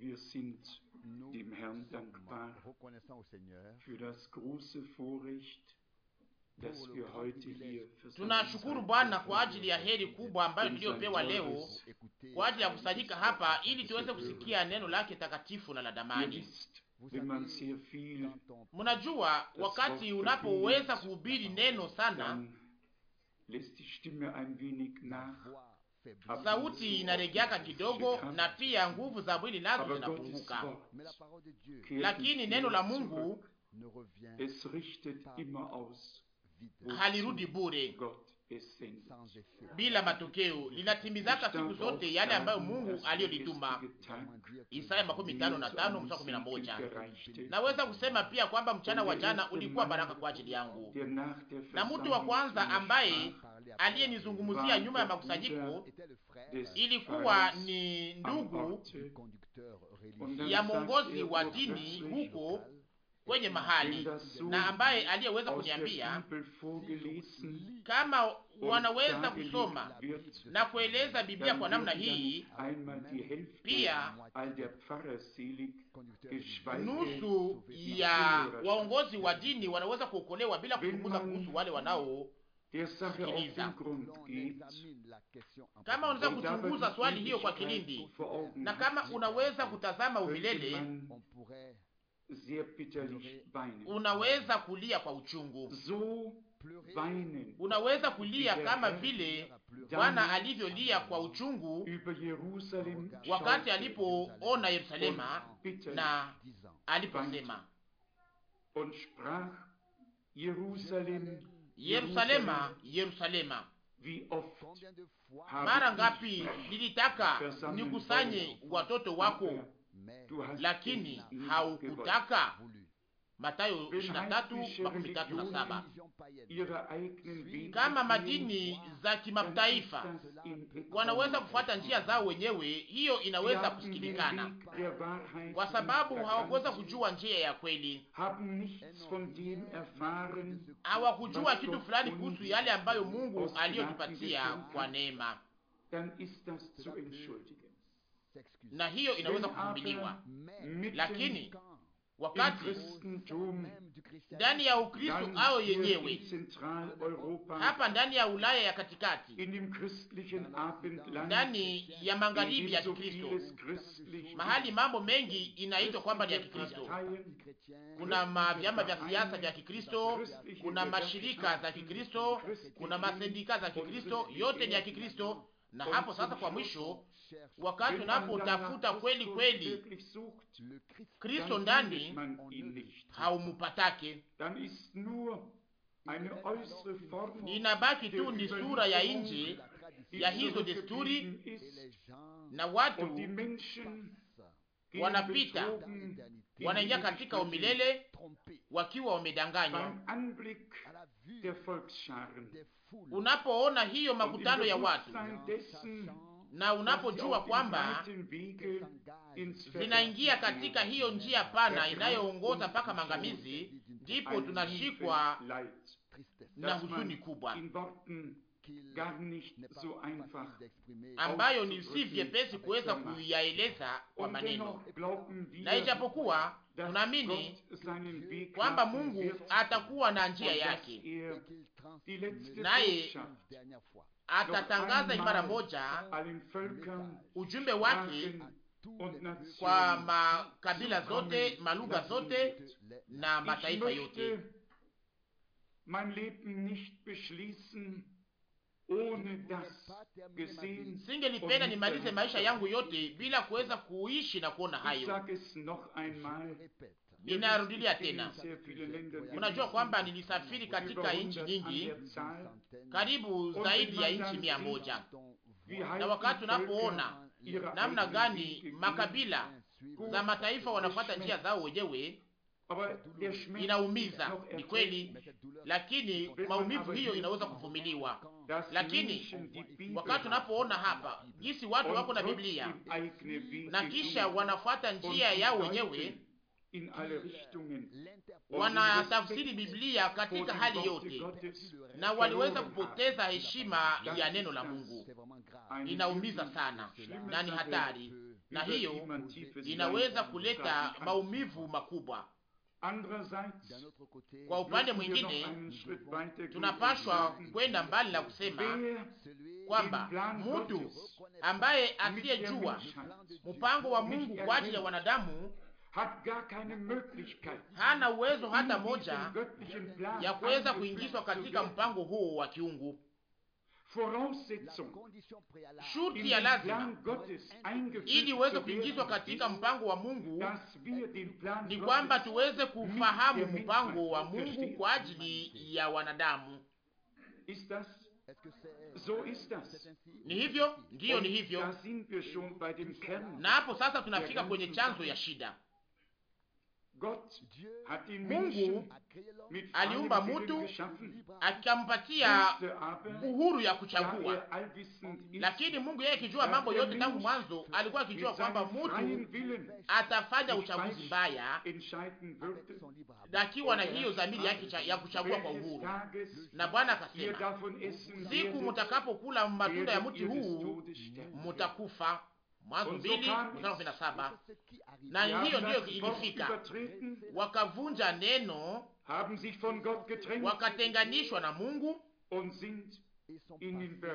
Wir sind dem Herrn dankbar für das große Vorrecht, wir heute hier tunashukuru Bwana kwa ajili ya heri kubwa ambayo tuliyopewa leo kwa ajili ya kusanyika hapa ili tuweze kusikia neno lake takatifu na la damani. Mnajua, wakati unapoweza kuhubiri neno sana, sauti inaregeaka kidogo, na pia nguvu za mwili nazo zinapunguka, lakini neno la Mungu halirudi bure bila matokeo, linatimizaka siku zote yale ambayo Mungu aliyolituma. Isaya makumi tano na tano mstari kumi na moja. Naweza kusema pia kwamba mchana wa jana ulikuwa baraka kwa ajili yangu, na mtu wa kwanza ambaye aliyenizungumzia nyuma ya makusanyiko ilikuwa ni ndugu ya mwongozi wa dini huko kwenye mahali na ambaye aliyeweza kuniambia kama wanaweza kusoma na kueleza Biblia kwa namna hii, pia nusu ya waongozi wa dini wanaweza kuokolewa bila kuzungumza kuhusu wale wanao der Kama unaweza kuchunguza swali hiyo kwa kilindi, na kama unaweza kutazama umilele, unaweza kulia kwa uchungu, unaweza kulia kama vile Bwana alivyolia kwa uchungu wakati alipoona Yerusalema na aliposema Yerusalema, Yerusalema, mara ngapi nilitaka nikusanye watoto wako, lakini haukutaka Matayo 23:37. Kama madini za kimataifa wanaweza kufuata njia zao wenyewe, hiyo inaweza kusikilikana, kwa sababu hawakuweza kujua njia ya kweli, hawakujua kitu fulani kuhusu yale ambayo Mungu aliyotupatia kwa neema na hiyo inaweza kuvumiliwa, lakini wakati ndani ya Ukristo ao yenyewe hapa ndani ya Ulaya ya katikati, ndani ya magharibi ya Kikristo, mahali mambo mengi inaitwa kwamba ni ya Kikristo. Kuna mavyama vya siasa vya Kikristo, kuna mashirika za Kikristo, kuna masendika za Kikristo, yote ni ya Kikristo. Na hapo sasa, kwa mwisho wakati unapotafuta kweli kweli Kristo ndani haumupatake, inabaki tu ni sura ya nje ya hizo desturi, na watu wanapita wanaingia katika umilele wakiwa wamedanganywa. Unapoona hiyo makutano ya watu na unapojua kwamba zinaingia katika hiyo njia pana inayoongoza mpaka mangamizi, ndipo tunashikwa na huzuni kubwa ambayo ni si vyepesi kuweza kuyaeleza kwa maneno, na ijapokuwa tunaamini kwamba Mungu atakuwa na njia yake er naye atatangaza imara moja ujumbe wake kwa makabila zote, malugha zote na mataifa yote. Singelipenda nimalize maisha yangu yote bila kuweza kuishi na kuona hayo. Ninarudilia tena, mnajua kwamba nilisafiri katika nchi nyingi, karibu zaidi ya nchi mia moja, na wakati unapoona namna gani makabila za mataifa wanafuata njia zao wenyewe inaumiza, ni kweli, lakini maumivu hiyo inaweza kuvumiliwa. Lakini wakati unapoona hapa jinsi watu wako na Biblia na kisha wanafuata njia yao wenyewe wanatafsiri Biblia katika hali yote, na waliweza kupoteza heshima ya neno la Mungu. Inaumiza sana na ni hatari, na hiyo inaweza kuleta maumivu makubwa. Kwa upande mwingine, tunapashwa kwenda mbali na kusema kwamba mtu ambaye asiyejua mpango wa Mungu kwa ajili ya wanadamu hana uwezo hata moja ya kuweza kuingizwa katika mpango huo wa kiungu. Shurti ya lazima ili uweze kuingizwa katika mpango wa Mungu ni kwamba tuweze kufahamu mpango wa Mungu kwa ajili ya wanadamu. So das. Ni hivyo ndiyo, ni hivyo na hapo sasa tunafika kwenye chanzo ya shida. Mungu aliumba mutu akampatia uhuru ya kuchagua, lakini Mungu yeye akijua mambo yote tangu mwanzo, alikuwa akijua kwamba mutu atafanya uchaguzi mbaya akiwa na hiyo dhamiri yake ya kuchagua kwa uhuru. Na Bwana akasema, siku mutakapokula matunda ya mti huu mutakufa. Mwanzo mbili mstari kumi na saba. Na hiyo yaani ndiyo ilifika, wakavunja neno, wakatenganishwa na Mungu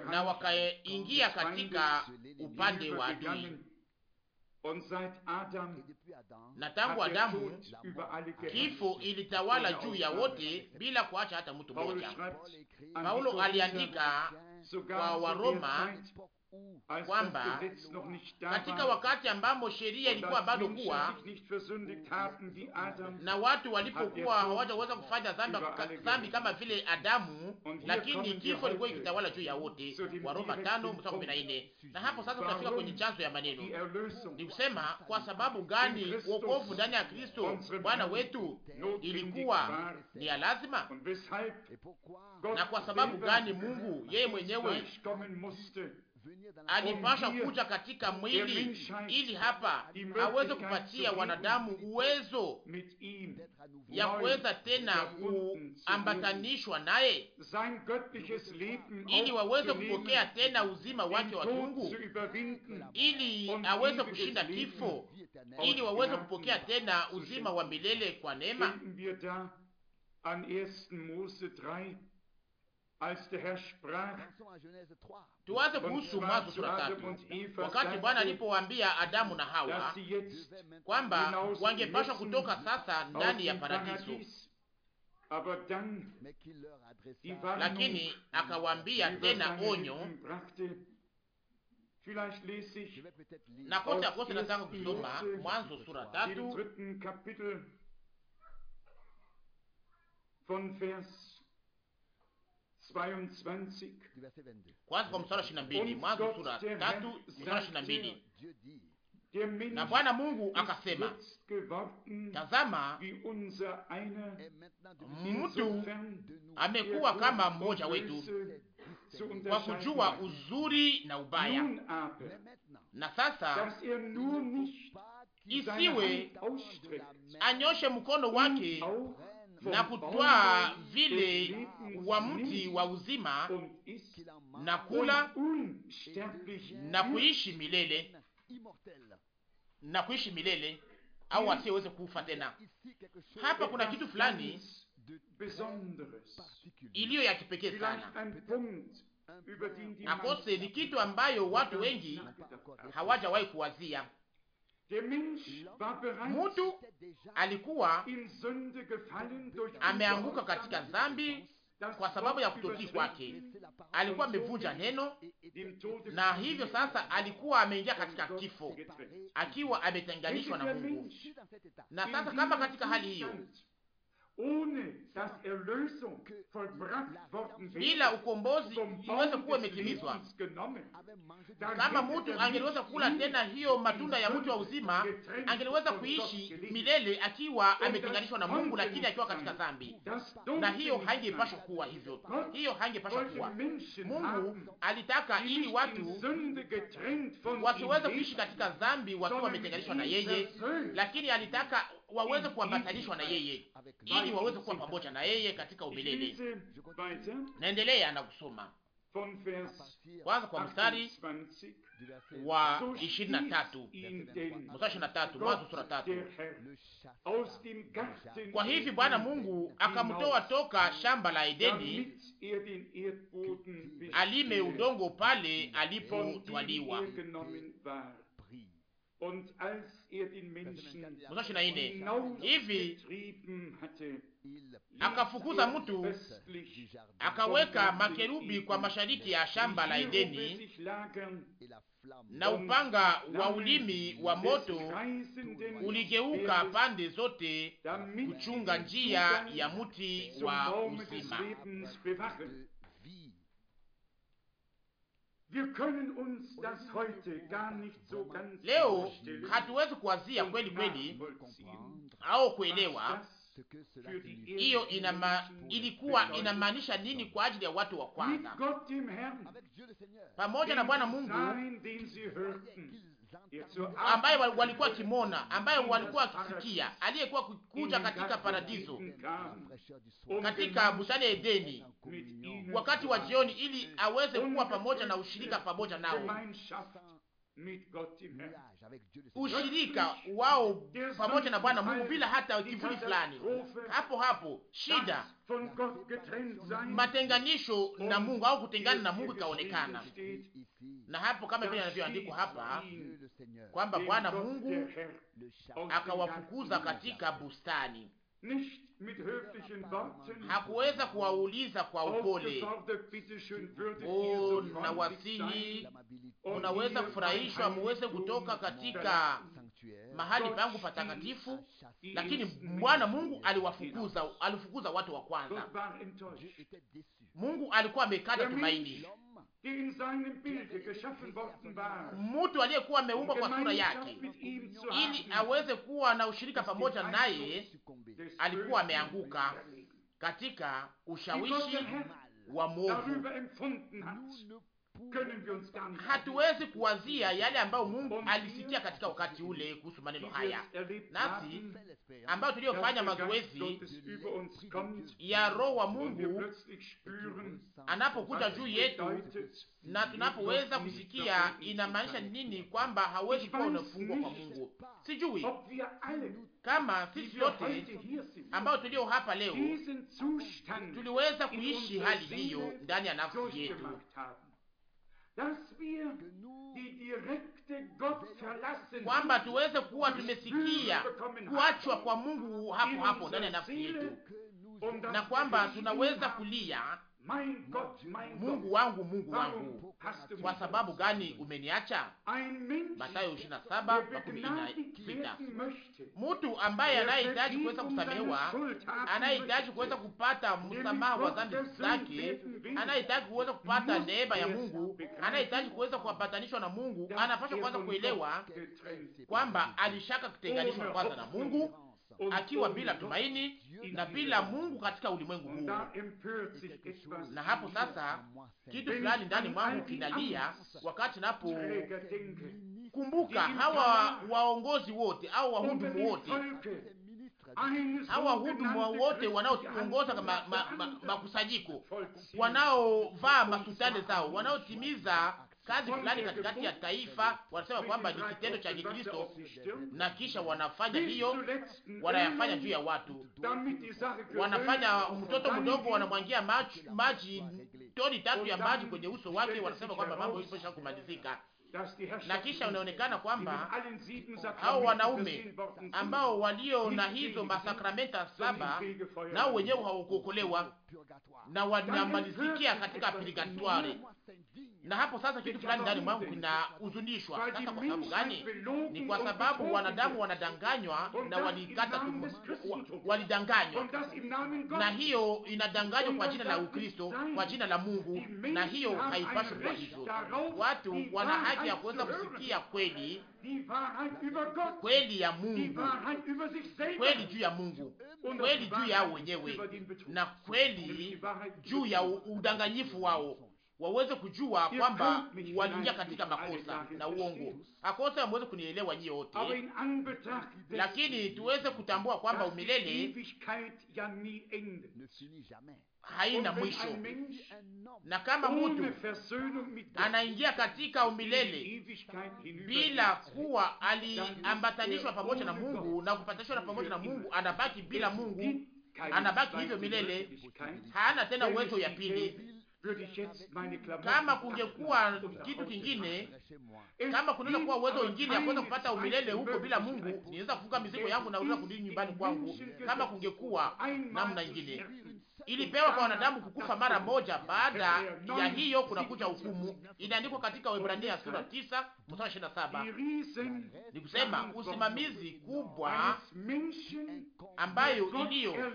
na wakaingia katika upande wa adui na tangu er Adamu kifo ilitawala juu ya wote bila kuacha hata mtu mmoja. Paulo aliandika kwa Waroma kwamba katika wakati ambamo sheria ilikuwa bado kuwa na watu walipokuwa hawajaweza kufanya dhambi kama vile Adamu, lakini kifo ilikuwa ikitawala juu ya wote, Waroma tano mstari kumi na nne. Na hapo sasa tunafika kwenye chanzo ya maneno, ni kusema kwa sababu gani wokovu ndani ya Kristo Bwana wetu ilikuwa ni ya lazima, na kwa sababu gani Mungu yeye mwenyewe alipasha kuja katika mwili ili hapa aweze kupatia wanadamu uwezo ya kuweza tena kuambatanishwa naye ili waweze kupokea tena uzima wake wa Mungu, ili aweze kushinda kifo, ili waweze kupokea tena uzima wa milele kwa neema tuanze kuhusu Mwanzo sura tatu, wakati Bwana alipowaambia Adamu na Hawa kwamba wangepashwa kutoka sasa ndani ya paradiso, lakini akawaambia tena onyo na kote akose nataka kusoma Mwanzo sura tatu kwanza kwa mstari ishirini na mbili Mwanzo sura tatu mstari ishirini na mbili na Bwana Mungu akasema, tazama, mtu amekuwa kama mmoja wetu kwa kujua uzuri na ubaya. Na sasa isiwe anyoshe mkono wake na kutwaa vile wa mti wa uzima na kula na kuishi milele na kuishi milele, au asiyeweze kufa tena. Hapa kuna kitu fulani iliyo ya kipekee sana akose, ni kitu ambayo watu wengi hawajawahi kuwazia Mutu alikuwa ameanguka katika dhambi kwa sababu ya kutotii kwake, alikuwa amevunja neno, na hivyo sasa alikuwa ameingia katika kifo akiwa ametenganishwa na Mungu. Na sasa kama katika hali hiyo bila ukombozi iweze kuwa imetimizwa. Kama mtu angeliweza kula tena hiyo matunda ya mti wa uzima, angeliweza kuishi milele akiwa ametenganishwa na Mungu, lakini akiwa katika dhambi, na hiyo haingepashwa kuwa hivyo. Hiyo haingepashwa kuwa. Mungu alitaka ili watu wasiweze kuishi katika dhambi wakiwa wametenganishwa na yeye, lakini alitaka waweze kuambatanishwa na yeye, ili waweze kuwa pamoja na yeye katika umilele. Naendelea na kusoma kwanza kwa mstari wa ishirini na tatu mstari na tatu Mwanzo sura tatu. Kwa hivi Bwana Mungu akamtoa toka shamba la Edeni alime udongo pale alipotwaliwa mstari ishirini na nne hivi akafukuza mtu er akaweka makerubi kwa mashariki ya shamba la Edeni na upanga wa ulimi wa moto uligeuka pande zote kuchunga njia ya mti wa uzima. Leo hatuwezi kuwazia kweli kweli au kuelewa hiyo inama, ilikuwa inamaanisha nini kwa ajili ya watu wa kwanza pamoja na Bwana Mungu ambaye walikuwa kimona, ambaye walikuwa wakisikia aliyekuwa kuja katika paradiso, katika bustani ya Edeni wakati wa jioni, ili aweze kuwa pamoja na ushirika pamoja nao ushirika wao pamoja na Bwana Mungu bila hata kivuli fulani. Hapo hapo shida, matenganisho na Mungu au kutengana na Mungu ikaonekana na hapo kama vile anavyoandikwa hapa kwamba Bwana Mungu akawafukuza katika bustani. Hakuweza kuwauliza kwa upole, oh, na wasihi, unaweza kufurahishwa muweze kutoka katika mahali pangu patakatifu, lakini Bwana Mungu aliwafukuza, alifukuza watu wa kwanza. Mungu alikuwa amekata tumaini mtu aliyekuwa ameumbwa kwa sura yake ili aweze kuwa na ushirika pamoja naye, alikuwa ameanguka katika ushawishi wa mwovu hatuwezi kuwazia yale ambayo Mungu alisikia katika wakati ule kuhusu maneno haya, nasi ambayo tuliyofanya mazoezi ya Roho wa Mungu anapokuja juu yetu na tunapoweza kusikia, inamaanisha nini? Kwamba hawezi kuwa unafungwa kwa Mungu. Sijui kama sisi yote ambao tulio hapa leo tuliweza kuishi hali hiyo ndani ya nafsi yetu kwamba tuweze kuwa tumesikia kuachwa kwa Mungu hapo hapo ndani ya nafsi yetu, na kwamba tunaweza kulia Mungu wangu Mungu wangu, kwa sababu gani umeniacha? Mathayo 27:16. Mtu ambaye anayehitaji kuweza kusamehewa, anayehitaji kuweza kupata msamaha wa dhambi zake, anayehitaji kuweza kupata neema ya Mungu, anayehitaji kuweza kuambatanishwa na Mungu, anapaswa kwanza kuelewa kwamba alishaka kutenganishwa kwanza na Mungu akiwa bila tumaini na bila Mungu katika ulimwengu huu. Na hapo sasa kitu fulani ndani mwangu kinalia wakati napo kumbuka hawa waongozi wote au wahudumu wote ah, hawa wahudumu wote wanaoongoza makusanyiko ma, ma, ma wanaovaa masutane zao wanaotimiza kazi fulani katikati ya taifa, wanasema kwamba ni kitendo cha Kikristo, na kisha wanafanya hiyo, wanayafanya juu ya watu, wanafanya mtoto mdogo, wanamwangia maji, toni tatu ya maji kwenye uso wake, wanasema kwamba mambo iposha kumalizika na kisha unaonekana kwamba hao wanaume ambao walio na hizo masakramenta saba nao wenyewe hawakuokolewa na wanamalizikia katika purgatoire na hapo sasa kitu fulani ndani mwangu kinahuzunishwa. Sasa kwa sababu gani? Ni kwa sababu wanadamu wanadanganywa na walikata tumbo, walidanganywa na hiyo inadanganywa kwa jina la Ukristo, kwa jina la Mungu, na hiyo haipaswi kwa hivyo. Watu wana haki ya kuweza kusikia kweli, kweli ya Mungu, kweli juu ya Mungu, kweli juu yao wenyewe na kweli juu ya udanganyifu wao waweze kujua kwamba waliingia katika makosa na uongo. Akosa wameweze kunielewa nyie wote, lakini tuweze kutambua kwamba umilele haina mwisho, na kama mtu anaingia katika umilele bila kuwa aliambatanishwa pamoja na Mungu na kupatanishwa na pamoja na Mungu, anabaki bila Mungu, anabaki hivyo milele, hana tena uwezo ya pili kama kungekuwa kitu kingine, kama kunaweza kuwa uwezo wengine ya kuweza kupata umilele huko bila Mungu, niweza kufunga mizigo yangu na kuweza kurudi nyumbani kwangu. Kama kungekuwa namna ingine, ilipewa kwa wanadamu kukufa mara moja, baada ya hiyo kuja hukumu. Inaandikwa katika Waebrania sura 9 mstari 27, ni kusema usimamizi kubwa ambayo iliyo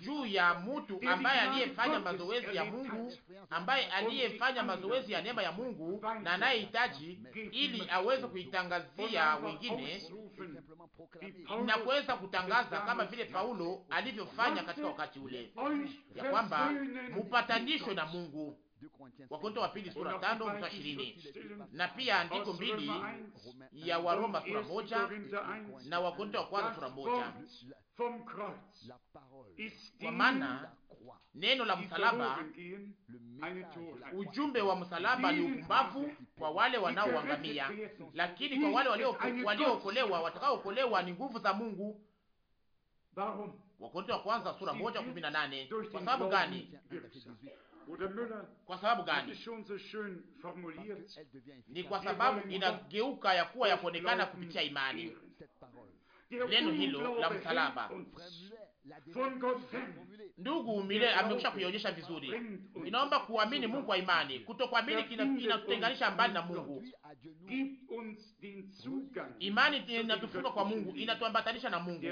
juu ya mtu ambaye aliyefanya mazoezi ya Mungu ambaye aliyefanya mazoezi ya neema ya Mungu na anayehitaji ili aweze kuitangazia wengine na kuweza kutangaza kama vile Paulo alivyofanya katika wakati ule ya kwamba mupatanishwe na Mungu. Wakorintho wa pili sura tano mstari ishirini na pia andiko mbili ya Waroma sura moja na Wakorintho wa kwanza sura moja kwa maana neno la msalaba, ujumbe wa msalaba ni upumbavu kwa wale wanaoangamia, lakini kwa wale waliookolewa, watakaookolewa ni nguvu za Mungu. Wakorintho wa kwanza sura moja kumi na nane. Kwa sababu gani? Kwa sababu gani? Ni kwa sababu inageuka ya kuwa ya kuonekana kupitia imani, neno hilo la msalaba Ndugu Mile amekusha kuionyesha vizuri. Inaomba kuamini Mungu wa imani. Kutokuamini inatutenganisha mbali na Mungu. Imani inatufunga kwa Mungu, inatuambatanisha na Mungu,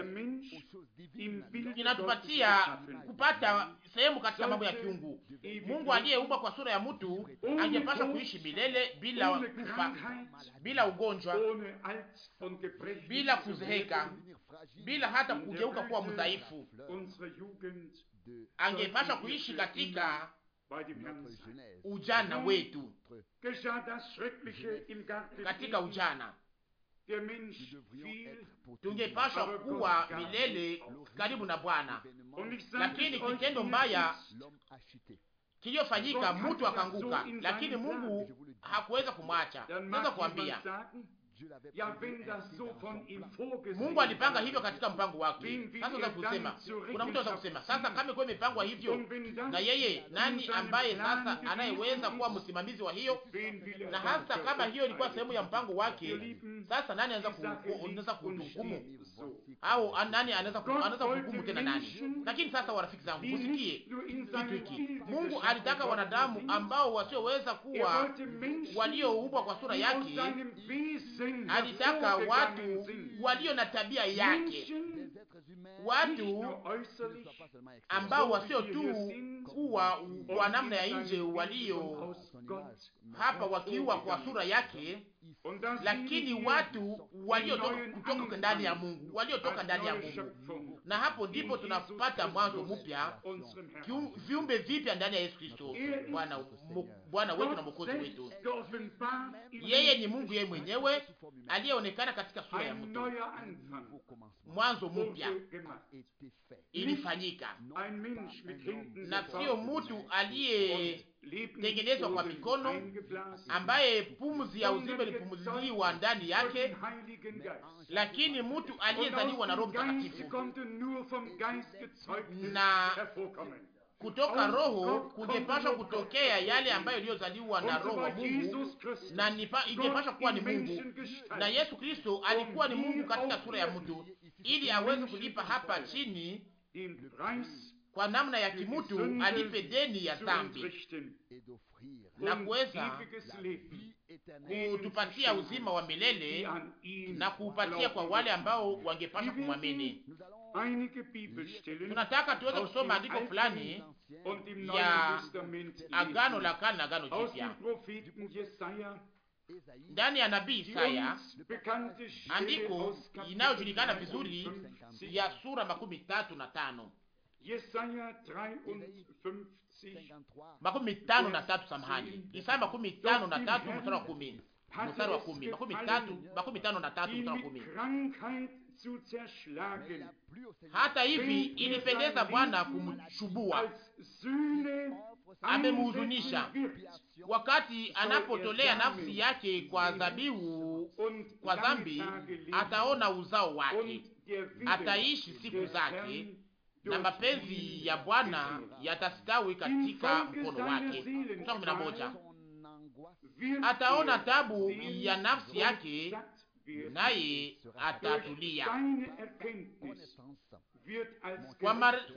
inatupatia kupata sehemu katika mambo ya kiungu. Mungu aliyeumba kwa sura ya mtu angepasha kuishi milele bila kufa, bila ugonjwa, bila kuzeheka, bila hata kugeuka kuwa mdhaifu angepasha kuishi katika ujana wetu, katika ujana tungepasha kuwa milele karibu na Bwana. Lakini kitendo mbaya kiliyofanyika, mtu akanguka, lakini Mungu hakuweza kumwacha. Naweza kuambia ya Mungu alipanga hivyo katika mpango wake. Sasa unaweza kusema, kuna mtu anaweza kusema sasa, kama kwa imepangwa hivyo na yeye, nani ambaye sasa anayeweza kuwa msimamizi wa hiyo? Na hasa kama hiyo ilikuwa sehemu ya mpango wake, sasa nani anaweza kuhukumu au nani anaweza kuhukumu tena nani? Lakini sasa, warafiki zangu, musikie kitu hiki. Mungu alitaka wanadamu ambao wasioweza kuwa walioumbwa kwa sura yake Mm. alitaka watu walio na tabia yake, watu ambao wasio tu kuwa kwa namna ya nje, walio hapa wakiwa kwa sura yake lakini watu waliotoka kutoka ndani ya Mungu, waliotoka ndani ya Mungu, na hapo ndipo tunapata mwanzo mpya, viumbe vipya ndani ya Yesu Kristo Bwana Bwana wetu na Mwokozi wetu. Yeye ni Mungu yeye mwenyewe aliyeonekana katika sura ya mtu. Mwanzo mpya ilifanyika na sio mtu aliye litengenezwa kwa mikono, ambaye pumzi ya uzima ilipumziliwa ndani yake, lakini mtu aliyezaliwa na Roho Mtakatifu na kutoka roho kungepashwa kutokea yale ambayo iliyozaliwa na roho wa Mungu na ingepashwa kuwa ni Mungu. Na Yesu Kristo um alikuwa ni Mungu katika sura ya mtu, ili aweze kulipa hapa chini kwa namna ya kimutu alipe deni ya dhambi na kuweza kutupatia uzima wa milele na kuupatia kwa wale ambao wangepasha kumwamini. Tunataka tuweze kusoma andiko fulani ya Agano la Kale na Agano Jipya ndani ya nabii Isaya, andiko inayojulikana vizuri ya sura makumi tatu na tano makumi tano na tatu samahani, Isaya makumi tano na tatu mstari wa kumi mstari wa kumi makumi tatu makumi tano na tatu mstari wa kumi Hata hivi ilipendeza Bwana kumchubua, amemuhuzunisha wakati anapotolea nafsi yake kwa dhabihu kwa dhambi, ataona uzao wake, ataishi siku zake na mapenzi ya Bwana yatastawi katika mkono wake. kumi na moja. Ataona tabu ya nafsi yake naye atatulia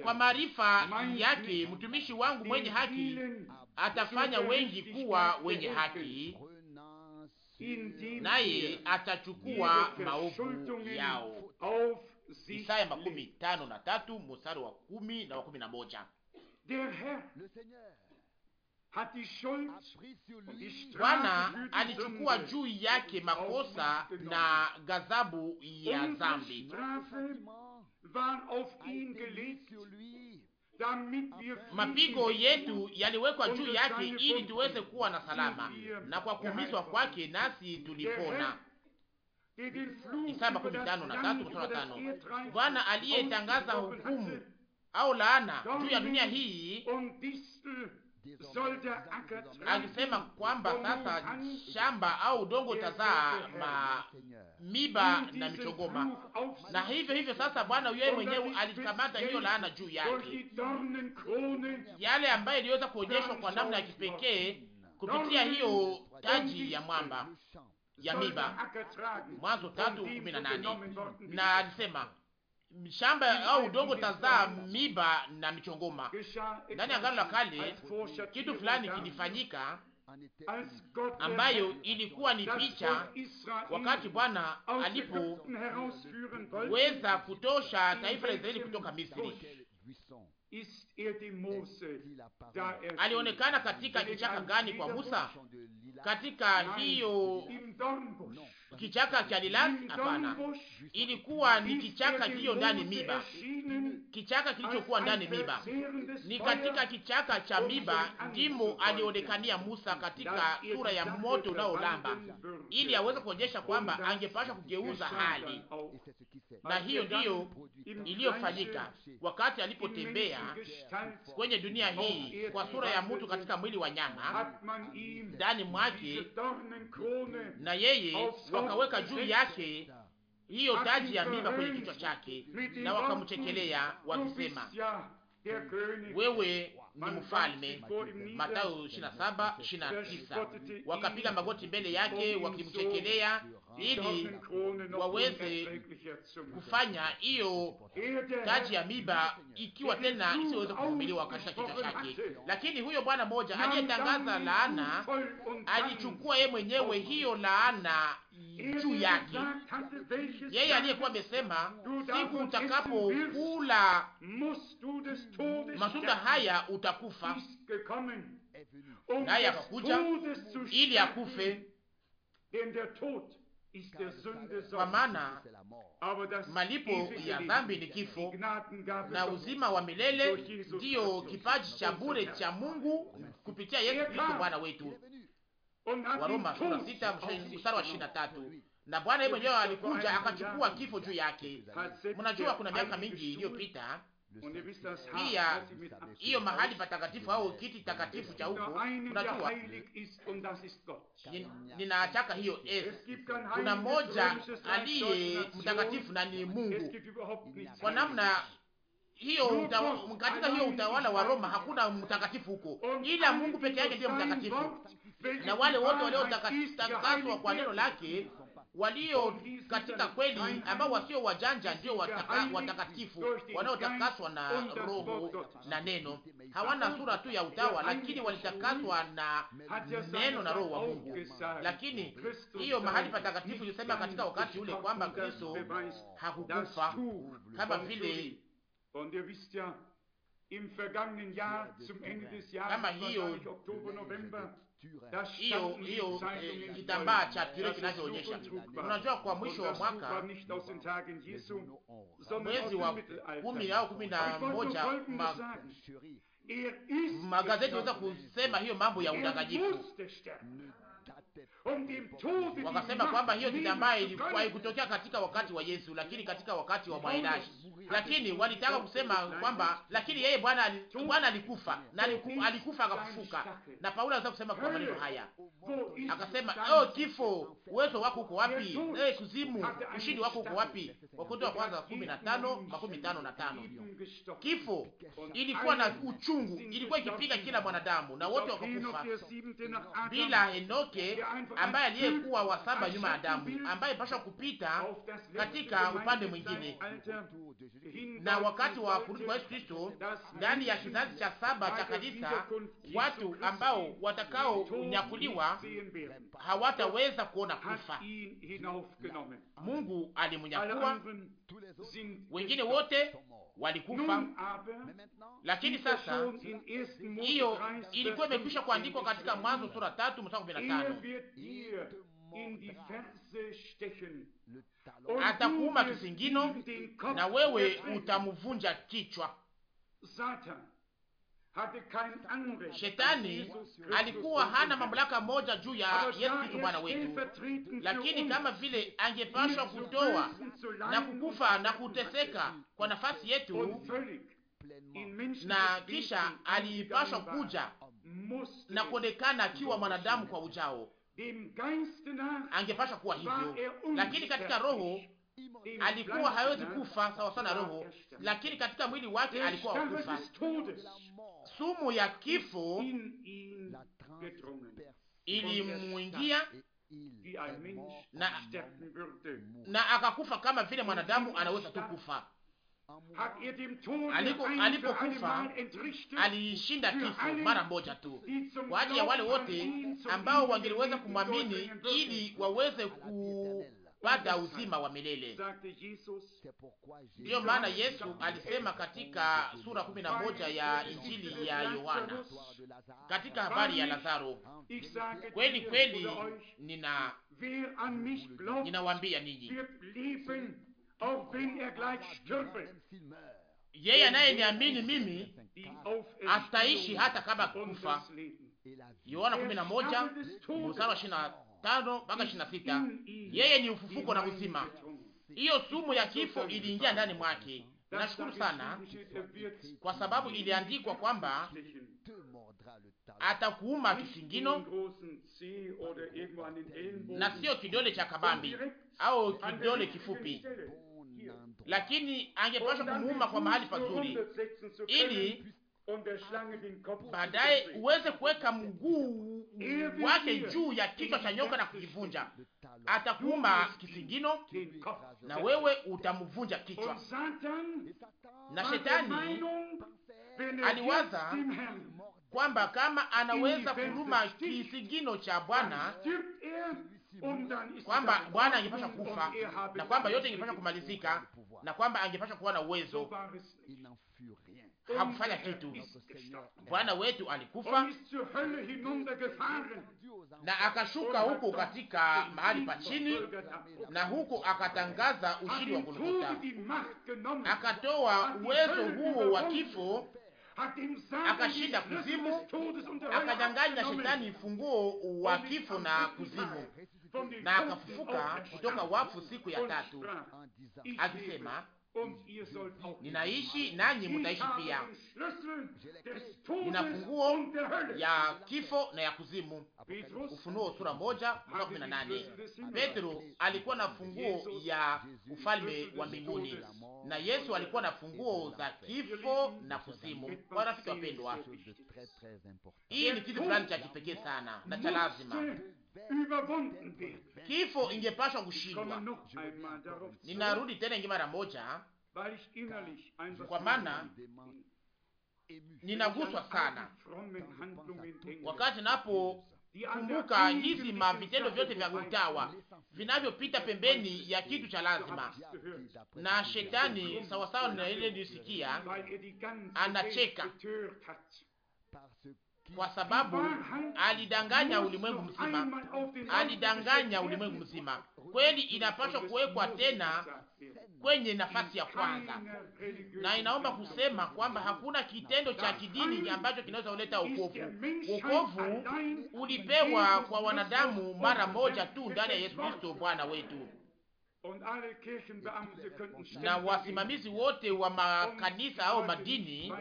kwa maarifa yake. Mtumishi wangu mwenye haki atafanya wengi kuwa wenye haki, naye atachukua maovu yao. Isaya makumi tano na tatu mstari wa kumi na wa kumi na moja. Bwana alichukua juu yake makosa na ghadhabu ya dhambi. Mapigo yetu yaliwekwa juu yake ili tuweze kuwa na salama, na kwa kuumizwa kwake nasi tulipona. Isaya makumi tano na tatu mstari tano. Bwana aliyetangaza hukumu au laana juu ya dunia hii akisema kwamba sasa shamba au udongo utazaa ma miba na michogoma na hivyo hivyo sasa Bwana yeye mwenyewe alikamata hiyo laana juu yake, yale ambayo iliweza kuonyeshwa kwa namna ya kipekee kupitia hiyo taji ya mwamba ya miba, Mwanzo tatu kumi na nane na alisema shamba au udongo tazaa miba na michongoma. Ndani ya Agano la Kale kitu fulani kilifanyika ambayo ilikuwa ni picha, wakati Bwana alipoweza kutosha taifa la Israeli kutoka Misri Er er alionekana katika kichaka gani kwa Musa? Katika hiyo kichaka cha Lilaki? Hapana, ilikuwa ni kichaka kilicho ndani miba, kichaka kilichokuwa ndani miba. Ni katika kichaka cha miba ndimo alionekania Musa katika sura ya moto unaolamba, ili aweze kuonyesha kwamba angepasha kugeuza hali, na hiyo ndiyo iliyofanyika wakati alipotembea kwenye dunia hii kwa sura ya mtu katika mwili wa nyama, ndani mwake na yeye wakaweka juu yake hiyo taji ya mimba kwenye kichwa chake na wakamchekelea wakisema, wewe ni mfalme. Mathayo 27:29. Wakapiga magoti mbele yake wakimchekelea, ili waweze kufanya hiyo taji ya miba ikiwa tena isiweze kuvumiliwa katika kichwa chake. Lakini huyo bwana mmoja aliyetangaza laana alichukua yeye mwenyewe hiyo laana juu yake. Yeye aliyekuwa amesema, siku utakapokula matunda haya utakufa, naye akakuja ili akufe, kwa maana malipo ya dhambi ni kifo, na uzima wa milele ndiyo kipaji cha bure cha Mungu kupitia Yesu Kristo Bwana wetu. Waroma sura sita mstari wa ishirini na tatu. Na Bwana yeye mwenyewe alikuja akachukua kifo juu yake. Mnajua kuna miaka mingi iliyopita pia hiyo mahali patakatifu au kiti takatifu cha huko, unajua ninaataka hiyo es. Kuna moja aliye mtakatifu na ni Mungu. Kwa namna hiyo, katika hiyo utawala wa Roma hakuna mtakatifu huko, ila Mungu peke yake ndiye mtakatifu na wale wote waliotakaswa kwa neno lake, walio katika kweli, ambao wasio wajanja, ndio watakatifu wanaotakaswa na Roho na neno. Hawana sura tu ya utawa, lakini walitakaswa na neno na Roho wa Mungu. Lakini hiyo mahali patakatifu ilisema katika wakati ule kwamba Kristo hakukufa kama vile kama hiyo hiyo hiyo eh, kitambaa cha Tire kinachoonyesha. Unajua, kwa mwisho wa mwaka mwezi wa kumi au kumi na moja magazeti weza kusema hiyo mambo ya udanganyifu wakasema kwamba hiyo kitambaa ilikuwa kutokea katika wakati wa Yesu, lakini katika wakati wa Mwailashi. Lakini walitaka kusema kwamba lakini yeye Bwana Bwana alikufa na alikufa akafufuka. Na Paulo anaweza kusema kwa maneno haya akasema, oh, kifo uwezo wako uko wapi? Eh, kuzimu ushindi wako uko wapi? Wakorintho wa kwanza kumi na tano makumi tano na tano. Kifo ilikuwa na uchungu, ilikuwa ikipiga kila mwanadamu na wote wakakufa bila Enoke ambaye aliyekuwa wa saba nyuma ya Adamu, ambaye pasha kupita katika upande mwingine. Na wakati wa kurudi kwa Yesu Kristo, ndani ya kizazi cha saba cha kanisa, watu ambao watakaonyakuliwa hawataweza kuona kufa. Mungu alimnyakua, wengine wote walikufa. Lakini sasa hiyo ilikuwa imekwisha kuandikwa katika Mwanzo sura tatu mstari kumi na tano wird dir in die Ferse stechen. Atakuuma kisingino na wewe utamuvunja kichwa. Satan hatte kein Anrecht. Shetani alikuwa hana mamlaka moja juu ya Yesu Kristo Bwana wetu, lakini kama vile angepashwa kutoa na kukufa na kuteseka kwa nafasi yetu, na kisha alipashwa kuja na er kuonekana akiwa mwanadamu kwa ujao angepashwa kuwa hivyo, er lakini katika roho alikuwa hawezi kufa sawa sana roho, er lakini katika mwili wake er alikuwa kufa. Sumu ya kifo ilimwingia na, na akakufa kama vile mwanadamu anaweza tu kufa alipokufa aliishinda kifo mara moja tu kwa ajili ya wale wote ambao wangeliweza kumwamini ili waweze kupata uzima wa milele. Ndiyo maana Yesu alisema katika sura kumi na moja ya Injili ya Yohana katika habari ya Lazaro, kweli kweli ninawambia ninyi yeye anayeniamini mimi ataishi hata kama kufa. Yohana kumi mstari wa mpaka 26. Yeye ni ufufuko na uzima, hiyo sumu ya kifo iliingia ndani mwake. Nashukuru sana kwa sababu iliandikwa kwamba atakuuma kisingino na sio kidole cha kabambi au kidole kifupi lakini angepasha kumuuma kwa mahali pazuri, ili baadaye uweze kuweka mguu wake juu ya kichwa cha nyoka na kujivunja. Atakuuma kisigino na wewe utamvunja kichwa. Na shetani aliwaza kwamba kama anaweza kuruma kisigino cha Bwana kwamba Bwana angepasha kufa na kwamba yote ingepasha kumalizika na kwamba angepasha kuwa na uwezo. Hakufanya kitu. Bwana wetu alikufa na akashuka huko katika mahali pa chini, na huko akatangaza ushindi wa Golgotha, akatoa uwezo huo wa kifo akashinda kuzimu, akanyang'anya shetani funguo wa kifo na kuzimu na akafufuka kutoka wafu siku ya tatu, akisema ninaishi nanyi mutaishi pia, nina funguo ya kifo na ya kuzimu. Ufunuo sura moja mstari kumi na nane. Petro alikuwa na funguo ya ufalme wa mbinguni na Yesu alikuwa na funguo za kifo na kuzimu. Warafiki wapendwa, hii ni kitu fulani cha kipekee sana na cha lazima überwunden wird. Kifo ingepaswa kushindwa. Ninarudi tena ingi mara moja, kwa maana ninaguswa sana wakati napo kumbuka hizi mavitendo vyote vya utawa vinavyopita pembeni ya kitu cha lazima, na shetani sawasawa na ile nilisikia, anacheka kwa sababu alidanganya ulimwengu mzima, alidanganya ulimwengu mzima. Kweli inapaswa kuwekwa tena kwenye nafasi ya kwanza, na inaomba kusema kwamba hakuna kitendo cha kidini ambacho kinaweza kuleta wokovu. Wokovu ulipewa kwa wanadamu mara moja tu ndani ya Yesu Kristo Bwana wetu na wasimamizi wote wa makanisa au madini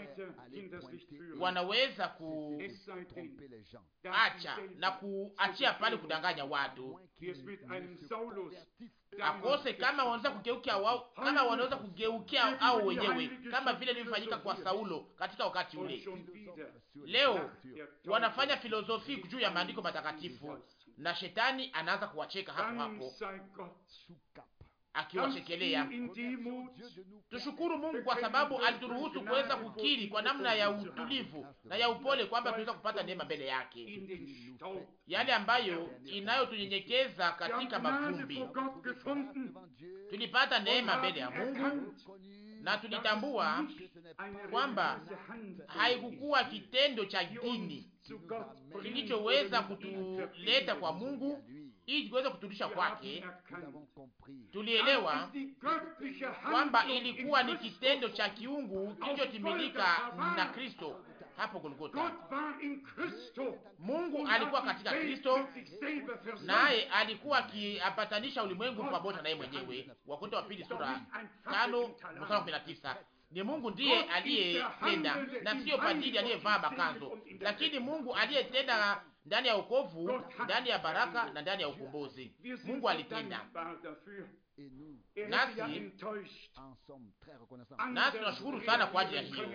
wanaweza kuacha na kuachia pale kudanganya watu akose kama wanaweza kugeukia wao, kama wanaweza kugeukia au wenyewe, kama vile ilivyofanyika kwa Saulo katika wakati ule. Leo wanafanya filosofi juu ya maandiko matakatifu na shetani anaanza kuwacheka hapo hapo akiwachekelea. Tushukuru Mungu kwa sababu alituruhusu kuweza kukiri kwa namna ya utulivu na ya upole kwamba tunaweza kupata neema mbele yake, yale ambayo inayotunyenyekeza katika mavumbi. Tulipata neema mbele ya Mungu na tulitambua kwamba haikukuwa kitendo cha dini kilichoweza kutuleta kwa Mungu ili kuweza kuturudisha kwake. Tulielewa kwamba ilikuwa ni kitendo cha kiungu kilichotimilika na Kristo hapo Golgotha. Mungu alikuwa katika Kristo, naye alikuwa akiapatanisha ulimwengu pamoja naye mwenyewe. Wakorintho wa pili sura tano mstari wa kumi na tisa ni Mungu ndiye aliyetenda na sio padili aliyevaa bakanzo lakini Mungu aliyetenda ndani ya wokovu, ndani ya baraka na ndani ya ukombozi. Mungu alitenda nasi, nasi tunashukuru sana kwa ajili ya hiyo.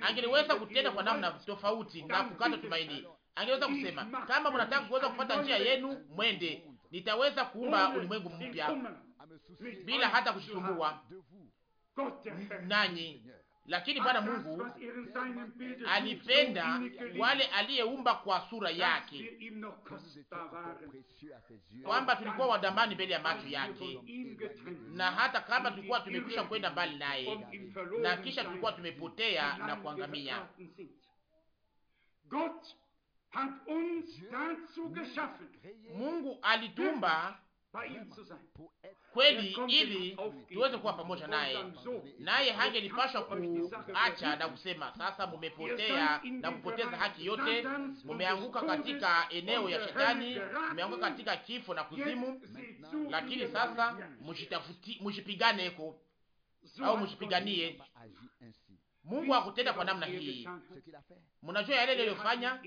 Angeliweza kutenda kwa namna tofauti na kukata tumaini. Angeweza kusema kama mnataka kuweza kupata njia yenu, mwende, nitaweza kuumba ulimwengu mpya bila hata kujisumbua nanyi. Lakini Bwana Mungu alipenda wale aliyeumba kwa sura yake, kwamba tulikuwa wadamani mbele ya macho yake, na hata kama tulikuwa tumekwisha kwenda mbali naye, na kisha tulikuwa tumepotea na kuangamia. Mungu alitumba E- kweli, e- ili tuweze kuwa pamoja naye, naye hangelipashwa kuacha na kusema sasa, mumepotea na kupoteza haki yote, mumeanguka katika eneo ya shetani, mumeanguka katika kifo na kuzimu. Lakini sasa mujitafuti, mujipigane ko au mujipiganie Mungu hakutenda kwa namna hii. Mnajua yale aliyofanya,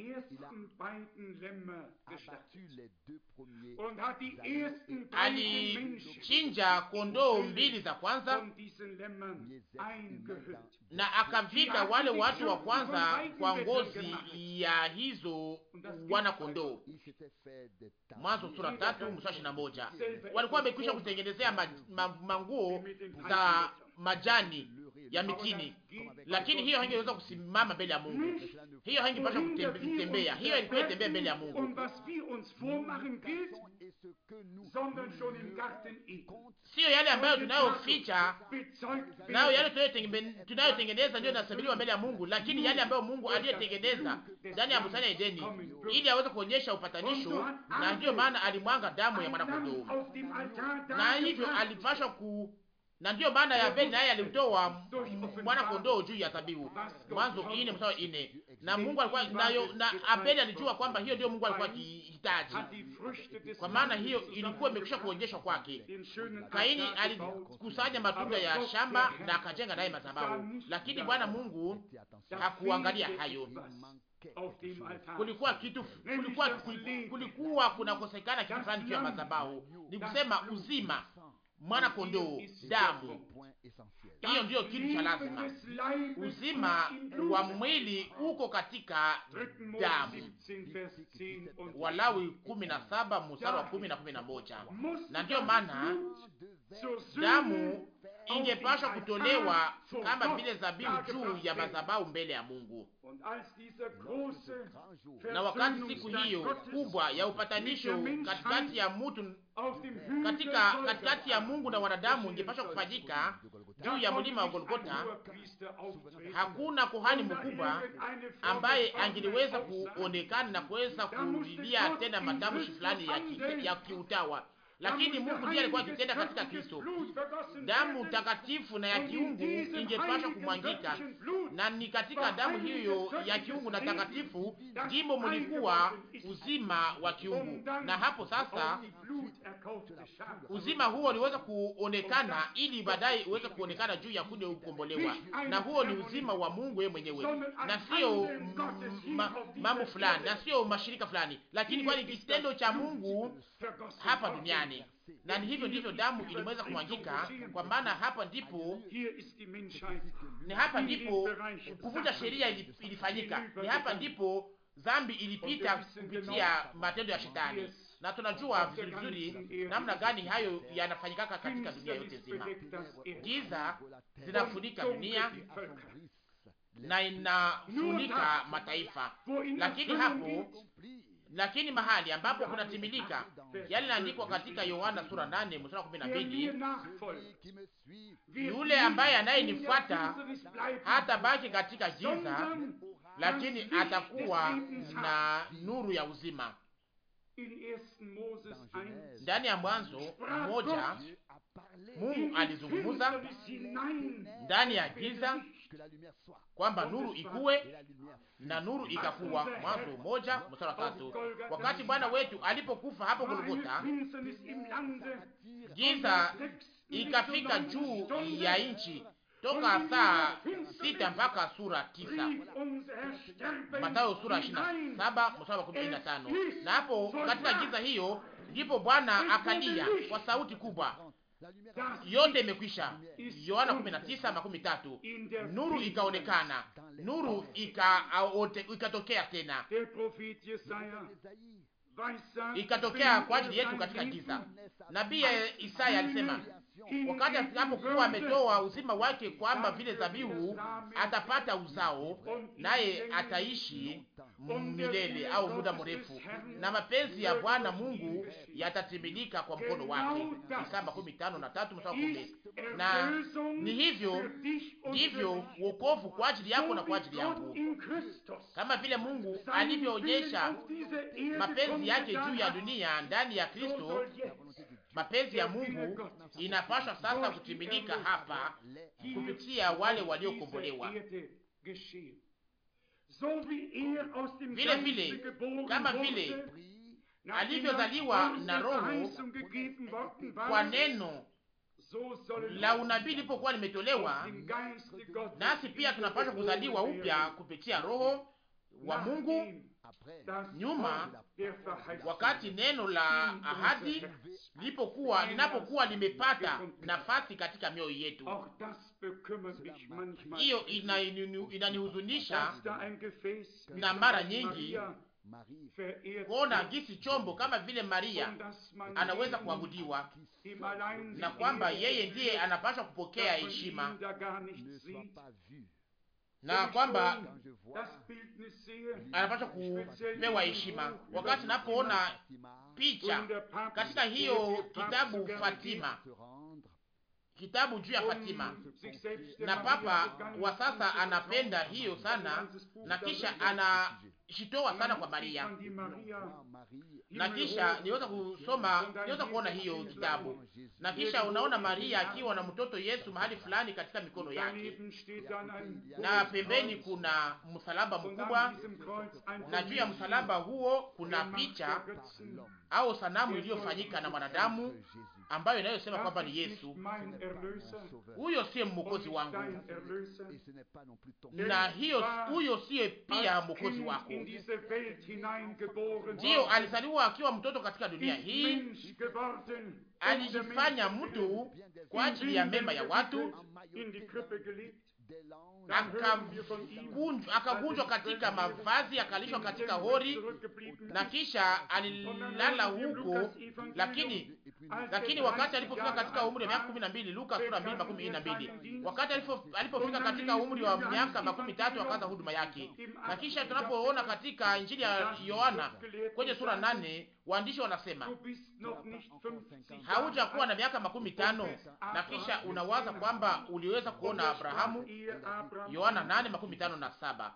alichinja kondoo mbili za kwanza na akavika wale watu wa kwanza kwa ngozi ya hizo wana kondoo. Mwanzo sura tatu mstari na moja walikuwa wamekwisha kutengenezea manguo za majani ya mitini, lakini hiyo haingeweza kusimama mbele ya Mungu, hiyo haingepasha kutembea, hiyo ilikuwa itembea mbele ya Mungu. Siyo yale ambayo tunayoficha nayo, yale tunayotengeneza ndio inasabiliwa mbele ya Mungu, lakini yale ambayo Mungu aliyetengeneza ndani ya bustani ya Edeni ili aweze kuonyesha upatanisho, na ndiyo maana alimwanga damu ya mwanakondoo, na hivyo alipashwa ku na ndiyo maana Abeli naye alimtoa mwana kondoo juu ya tabibu, Mwanzo ine mstari ine. Na Mungu alikuwa nayo, na Abeli alijua kwamba hiyo ndiyo Mungu alikuwa akihitaji, kwa maana hiyo ilikuwa imekwisha kuonyeshwa kwake. Kaini alikusanya matunda ya shamba na akajenga naye madhabahu, lakini Bwana Mungu hakuangalia hayo. Kulikuwa kitu kulikuwa kulikuwa kunakosekana kitu fulani juu ya madhabahu, ni kusema uzima mwana kondoo damu. Hiyo ndiyo kitu cha lazima. Uzima wa mwili uko katika damu, Walawi 17 mstari wa 10 na 11. Na ndiyo maana damu ingepasha kutolewa kama vile zabihu juu ya madhabahu mbele ya Mungu. Na wakati siku hiyo kubwa ya upatanisho katikati ya mtu katika katikati ya Mungu na wanadamu ingepasha kufanyika juu ya mlima wa Golgota, hakuna kohani mkubwa ambaye angeliweza kuonekana na kuweza kulilia tena matamshi fulani ya kiutawa lakini Mungu ndiye alikuwa akitenda katika Kristo. Damu takatifu na ya kiungu ingepasha kumwangika, na ni katika damu hiyo ya kiungu na takatifu ndimo mlikuwa uzima wa kiungu, na hapo sasa uzima huo uliweza kuonekana, ili baadaye uweze kuonekana juu ya kundi ukombolewa, na huo ni uzima wa Mungu yeye mwenyewe, na sio mambo fulani, na sio mashirika fulani, lakini kwani kitendo cha Mungu hapa duniani nane na ni hivyo ndivyo damu ilimweza kumwangika, kwa maana hapa ndipo ni hapa ndipo kuvunja sheria ilifanyika, ni hapa ndipo dhambi ilipita kupitia matendo ya shetani, na tunajua vizuri vizuri namna gani hayo yanafanyikaka katika dunia yote nzima Giza zinafunika dunia na inafunika mataifa, lakini hapo lakini mahali ambapo kunatimilika yale naandikwa katika Yohana sura nane mstari kumi na mbili yule ambaye anayenifuata hata baki katika giza, lakini atakuwa na nuru ya uzima. Ndani ya Mwanzo mmoja Mungu alizungumza ndani ya giza kwamba nuru ikuwe na nuru ikakuwa. Mwanzo moja mstari tatu. Wakati Bwana wetu alipokufa hapo Golgotha, giza ikafika juu ya nchi toka saa sita mpaka sura tisa Mathayo sura ishirini na saba mstari wa kumi na tano. Na hapo katika giza hiyo ndipo Bwana akalia kwa sauti kubwa yote imekwisha. Yohana tatu nuru ikaonekana, nuru ikatokea tena ikatokea kwa ajili yetu katika giza. Nabii Isaya alisema wakati atakapokuwa ametoa uzima wake kwamba vile zabihu, atapata uzao naye ataishi milele au muda mrefu, na mapenzi ya Bwana Mungu yatatimilika kwa mkono wake. Isaya makumi tano na tatu mstari kumi. Na ni hivyo ndivyo wokovu kwa ajili yako na kwa ajili yangu, kama vile Mungu alivyoonyesha mapenzi yake juu ya dunia ndani ya Kristo, mapenzi ya Mungu inapashwa sasa kutimilika hapa kupitia wale waliokombolewa vile vile, kama vile alivyozaliwa na Roho kwa neno la unabii lilipokuwa limetolewa, nasi pia tunapaswa kuzaliwa upya kupitia Roho wa Mungu nyuma, wakati neno la ahadi lipokuwa linapokuwa limepata nafasi katika mioyo yetu. Oh, Hiyo inanihuzunisha na mara nyingi kuona gisi chombo kama vile Maria oh, anaweza kuabudiwa na kwamba yeye ndiye anapaswa kupokea heshima na kwamba anapaswa kupewa heshima. Wakati napoona picha katika hiyo kitabu Fatima, kitabu juu ya Fatima, na papa wa sasa anapenda hiyo sana, na kisha anashitoa sana kwa Maria na kisha niweza kusoma, niweza kuona hiyo kitabu, na kisha unaona Maria akiwa na mtoto Yesu mahali fulani katika mikono yake, na pembeni kuna msalaba mkubwa, na juu ya msalaba huo kuna picha au sanamu iliyofanyika na mwanadamu ambayo inayosema kwamba ni Yesu. Huyo siye mwokozi wangu, na hiyo huyo siye pia mwokozi wako. Ndiyo, alizaliwa akiwa mtoto katika dunia hii, alijifanya mtu kwa ajili ya mema ya watu akagunjwa katika mavazi, akalishwa katika hori na kisha alilala huko. Lakini lakini wakati alipofika katika umri wa miaka kumi na mbili, Luka sura mbili makumi na mbili, wakati alipofika katika umri wa miaka makumi tatu akaanza huduma yake. Na kisha tunapoona katika Injili ya Yohana kwenye sura nane waandishi wanasema haujakuwa na miaka makumi tano na kisha unawaza kwamba uliweza kuona Abrahamu. Yohana nane makumi tano na saba.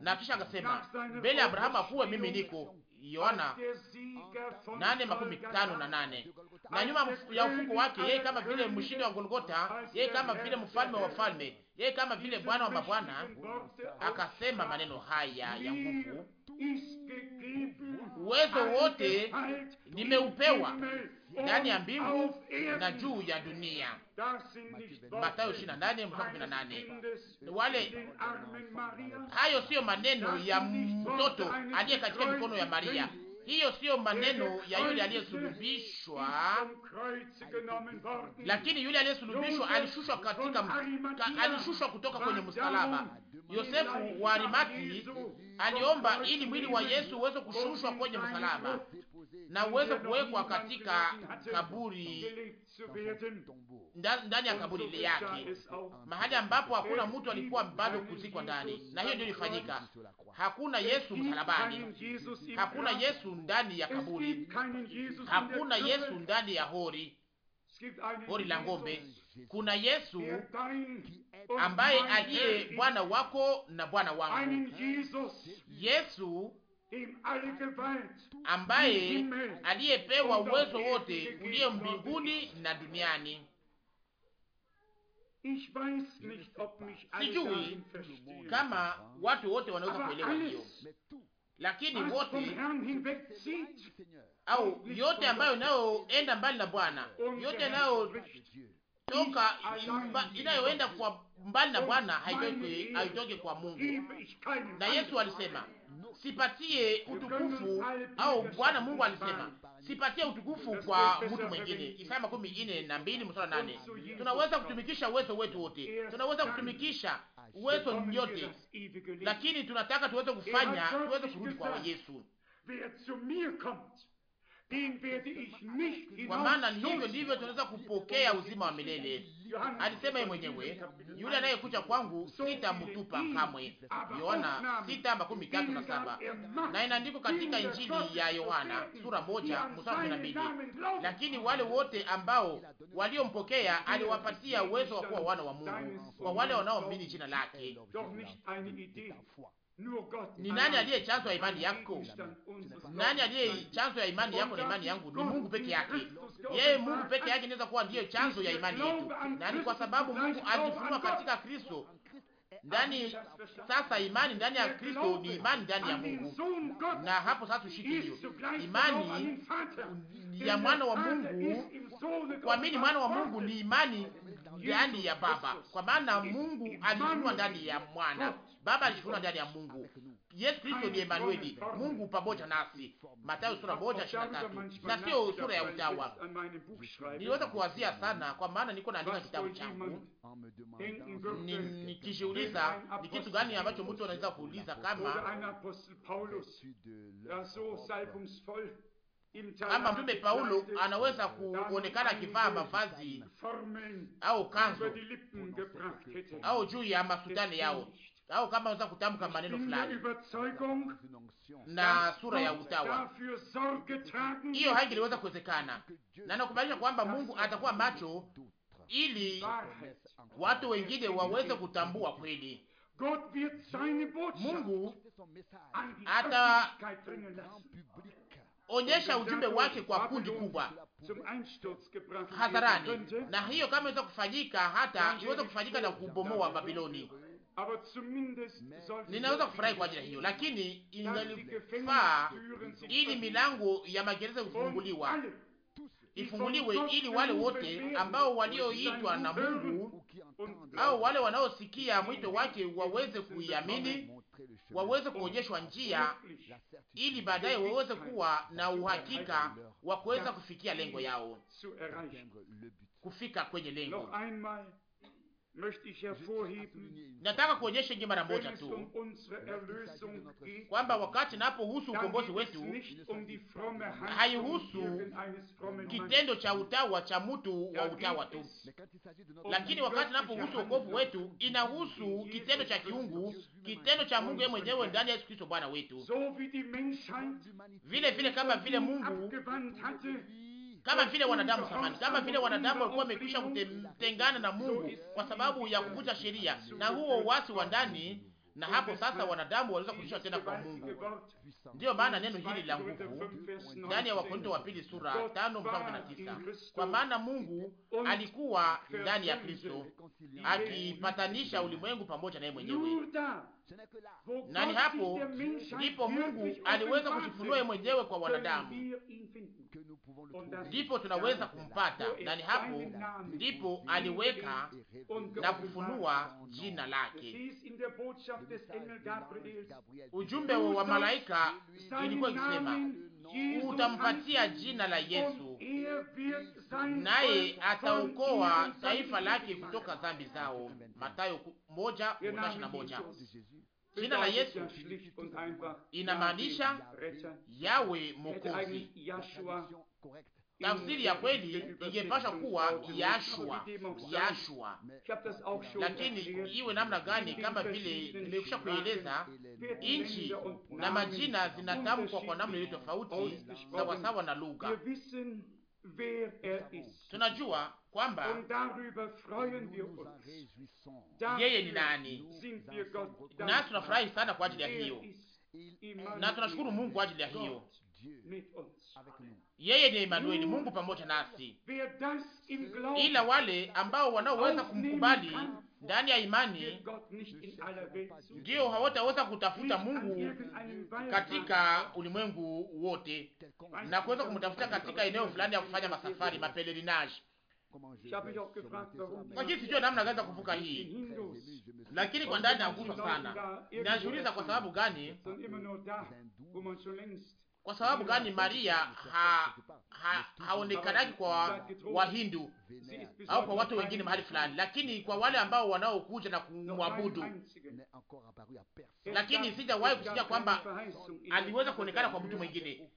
Na kisha akasema mbele Abrahamu akuwe mimi niko. Yohana nane makumi tano na nane. Na nyuma ya ufuko wake yeye kama vile mshindi wa Golgota, yeye kama vile mfalme wa wafalme, yeye kama vile Bwana wa mabwana, akasema maneno haya ya nguvu, uwezo wote nimeupewa ndani ya mbingu na juu ya dunia. Mathayo 28 mstari 18. Wale hayo siyo maneno ya mtoto aliye katika mikono ya Maria. Hiyo siyo maneno ya yule aliyesulubishwa, lakini yule aliyesulubishwa alishushwa katika ka, alishushwa kutoka kwenye msalaba. Yosefu wa Arimati aliomba ili mwili wa Yesu uweze kushushwa kwenye msalaba, na uweze kuwekwa katika kaburi, ndani ya kaburi yake, mahali ambapo hakuna mtu alikuwa bado kuzikwa ndani. Na hiyo ndio ilifanyika. Hakuna Yesu msalabani, hakuna Yesu ndani ya kaburi, hakuna Yesu ndani ya hori hori la ng'ombe. Kuna Yesu ambaye aliye Bwana wako na Bwana wangu, Yesu ambaye aliyepewa uwezo wote uliyo mbinguni na duniani. Sijui kama watu wote wanaweza kuelewa hiyo, lakini wote au yote ambayo inayoenda mbali na Bwana, yote inayotoka inayoenda kwa mbali na Bwana haitoki kwa Mungu. Na Yesu alisema sipatie utukufu au Bwana Mungu alisema sipatie utukufu kwa mtu mwingine. Isaya makumi ine na mbili mstari nane. Tunaweza kutumikisha uwezo wetu wote, tunaweza kutumikisha uwezo yote, lakini tunataka tuweze kufanya tuweze kurudi kwa Yesu, kwa maana hivyo ndivyo tunaweza kupokea uzima wa milele alisema yeye mwenyewe, yule anayekuja kwangu sitamtupa kamwe. Yohana sita makumi tatu na saba na inaandikwa katika Injili ya Yohana sura moja mstari kumi na mbili lakini wale wote ambao waliompokea aliwapatia uwezo wa kuwa wana wa Mungu, kwa wale wanaoamini jina lake. Ni nani aliye chanzo ya imani yako? Nani aliye chanzo ya imani yako na imani yangu? Ni Mungu peke yake. Yeye Mungu peke yake anaweza kuwa ndiyo chanzo ya imani yetu, na ni kwa sababu Mungu alifunua katika Kristo ndani sasa, imani ndani ya Kristo ni imani ndani ya Mungu, na hapo sasa tushike hiyo imani ya mwana wa Mungu. Kuamini mwana wa Mungu ni imani ndani ya Baba, kwa maana Mungu alifunua ndani ya mwana Baba alijifunua ndani ya Mungu. Yesu Kristo ni Emanueli, Mungu pamoja nasi, Mathayo sura moja ishirini na tatu, na sio sura ya utawa. Niliweza kuwazia sana, kwa maana niko naandika kitabu changu nikijiuliza ni kitu gani ambacho mtu anaweza kuuliza kama kama mtume Paulo anaweza kuonekana akivaa mavazi au kanzu au juu ya masutani yao au kama unaweza kutamka maneno fulani na sura ya utawa, hiyo haingeliweza kuwezekana, na nakubalisha kwamba Mungu atakuwa macho ili watu wengine waweze kutambua kweli. Mungu ataonyesha ujumbe wake kwa kundi er kubwa hadharani, na hiyo kama iweza kufanyika, hata iweze kufanyika na kubomoa Babiloni ninaweza kufurahi kwa ajili hiyo, lakini ingalifaa ili milango ya magereza kufunguliwa ifunguliwe, ili wale wote ambao walioitwa na Mungu au wale wanaosikia mwito wake waweze kuiamini, waweze kuonyeshwa njia, ili baadaye waweze kuwa na uhakika wa kuweza kufikia lengo yao, kufika kwenye lengo Nataka kuonyesha inye mara moja tu um kwamba wakati napohusu ukombozi wetu um haihusu kitendo cha utawa cha mtu wa utawa tu, um lakini wakati napohusu wokovu wetu inahusu kitendo cha kiungu, kitendo cha Mungu yeye mwenyewe ndani ya Yesu Kristo Bwana wetu, vile vile kama vile Mungu kama vile wanadamu samani, kama vile wanadamu walikuwa wamekwisha kutengana na Mungu kwa sababu ya kuvunja sheria na huo uasi wa ndani na hapo sasa wanadamu waliweza kurudishwa tena kwa Mungu. Ndiyo maana neno hili la nguvu ndani ya Wakorinto wa pili sura tano mstari tisa, kwa maana Mungu alikuwa ndani ya Kristo akipatanisha ulimwengu pamoja naye mwenyewe nani hapo ndipo Mungu aliweza kujifunua yeye mwenyewe kwa wanadamu, ndipo tunaweza kumpata, nani hapo ndipo aliweka na kufunua jina lake. Ujumbe wa malaika ilikuwa ikisema, utampatia jina la Yesu, naye ataokoa taifa lake kutoka dhambi zao. Mathayo moja na moja. Jina la Yesu inamaanisha yawe Mokozi. Tafsiri ya kweli ingepasha kuwa Yashua, Yashua, lakini iwe namna gani? Kama vile nimekwisha kueleza, nchi na majina zinatamkwa kwa namna ile tofauti, sawasawa na lugha. Tunajua kwamba yeye ni nani, na tunafurahi sana kwa ajili ya hiyo er na tunashukuru Mungu kwa ajili ya hiyo. Yeye ni Emanueli, Mungu pamoja nasi. Ila wale ambao wanaoweza kumkubali ndani ya imani, ndio hawataweza kutafuta Mungu katika ulimwengu wote na kuweza kumtafuta katika eneo fulani ya kufanya masafari mapelerinage Chapisho Kwa sio namna gani za kuvuka hii, lakini kwa ndani nagusa sana. Najiuliza kwa sababu gani, kwa sababu gani Maria ha, ha, haonekanaki kwa Wahindu au kwa watu wengine mahali fulani, lakini kwa wale ambao wanaokuja na kumwabudu. Lakini sijawahi kusikia kwamba aliweza kuonekana kwa mtu mwingine.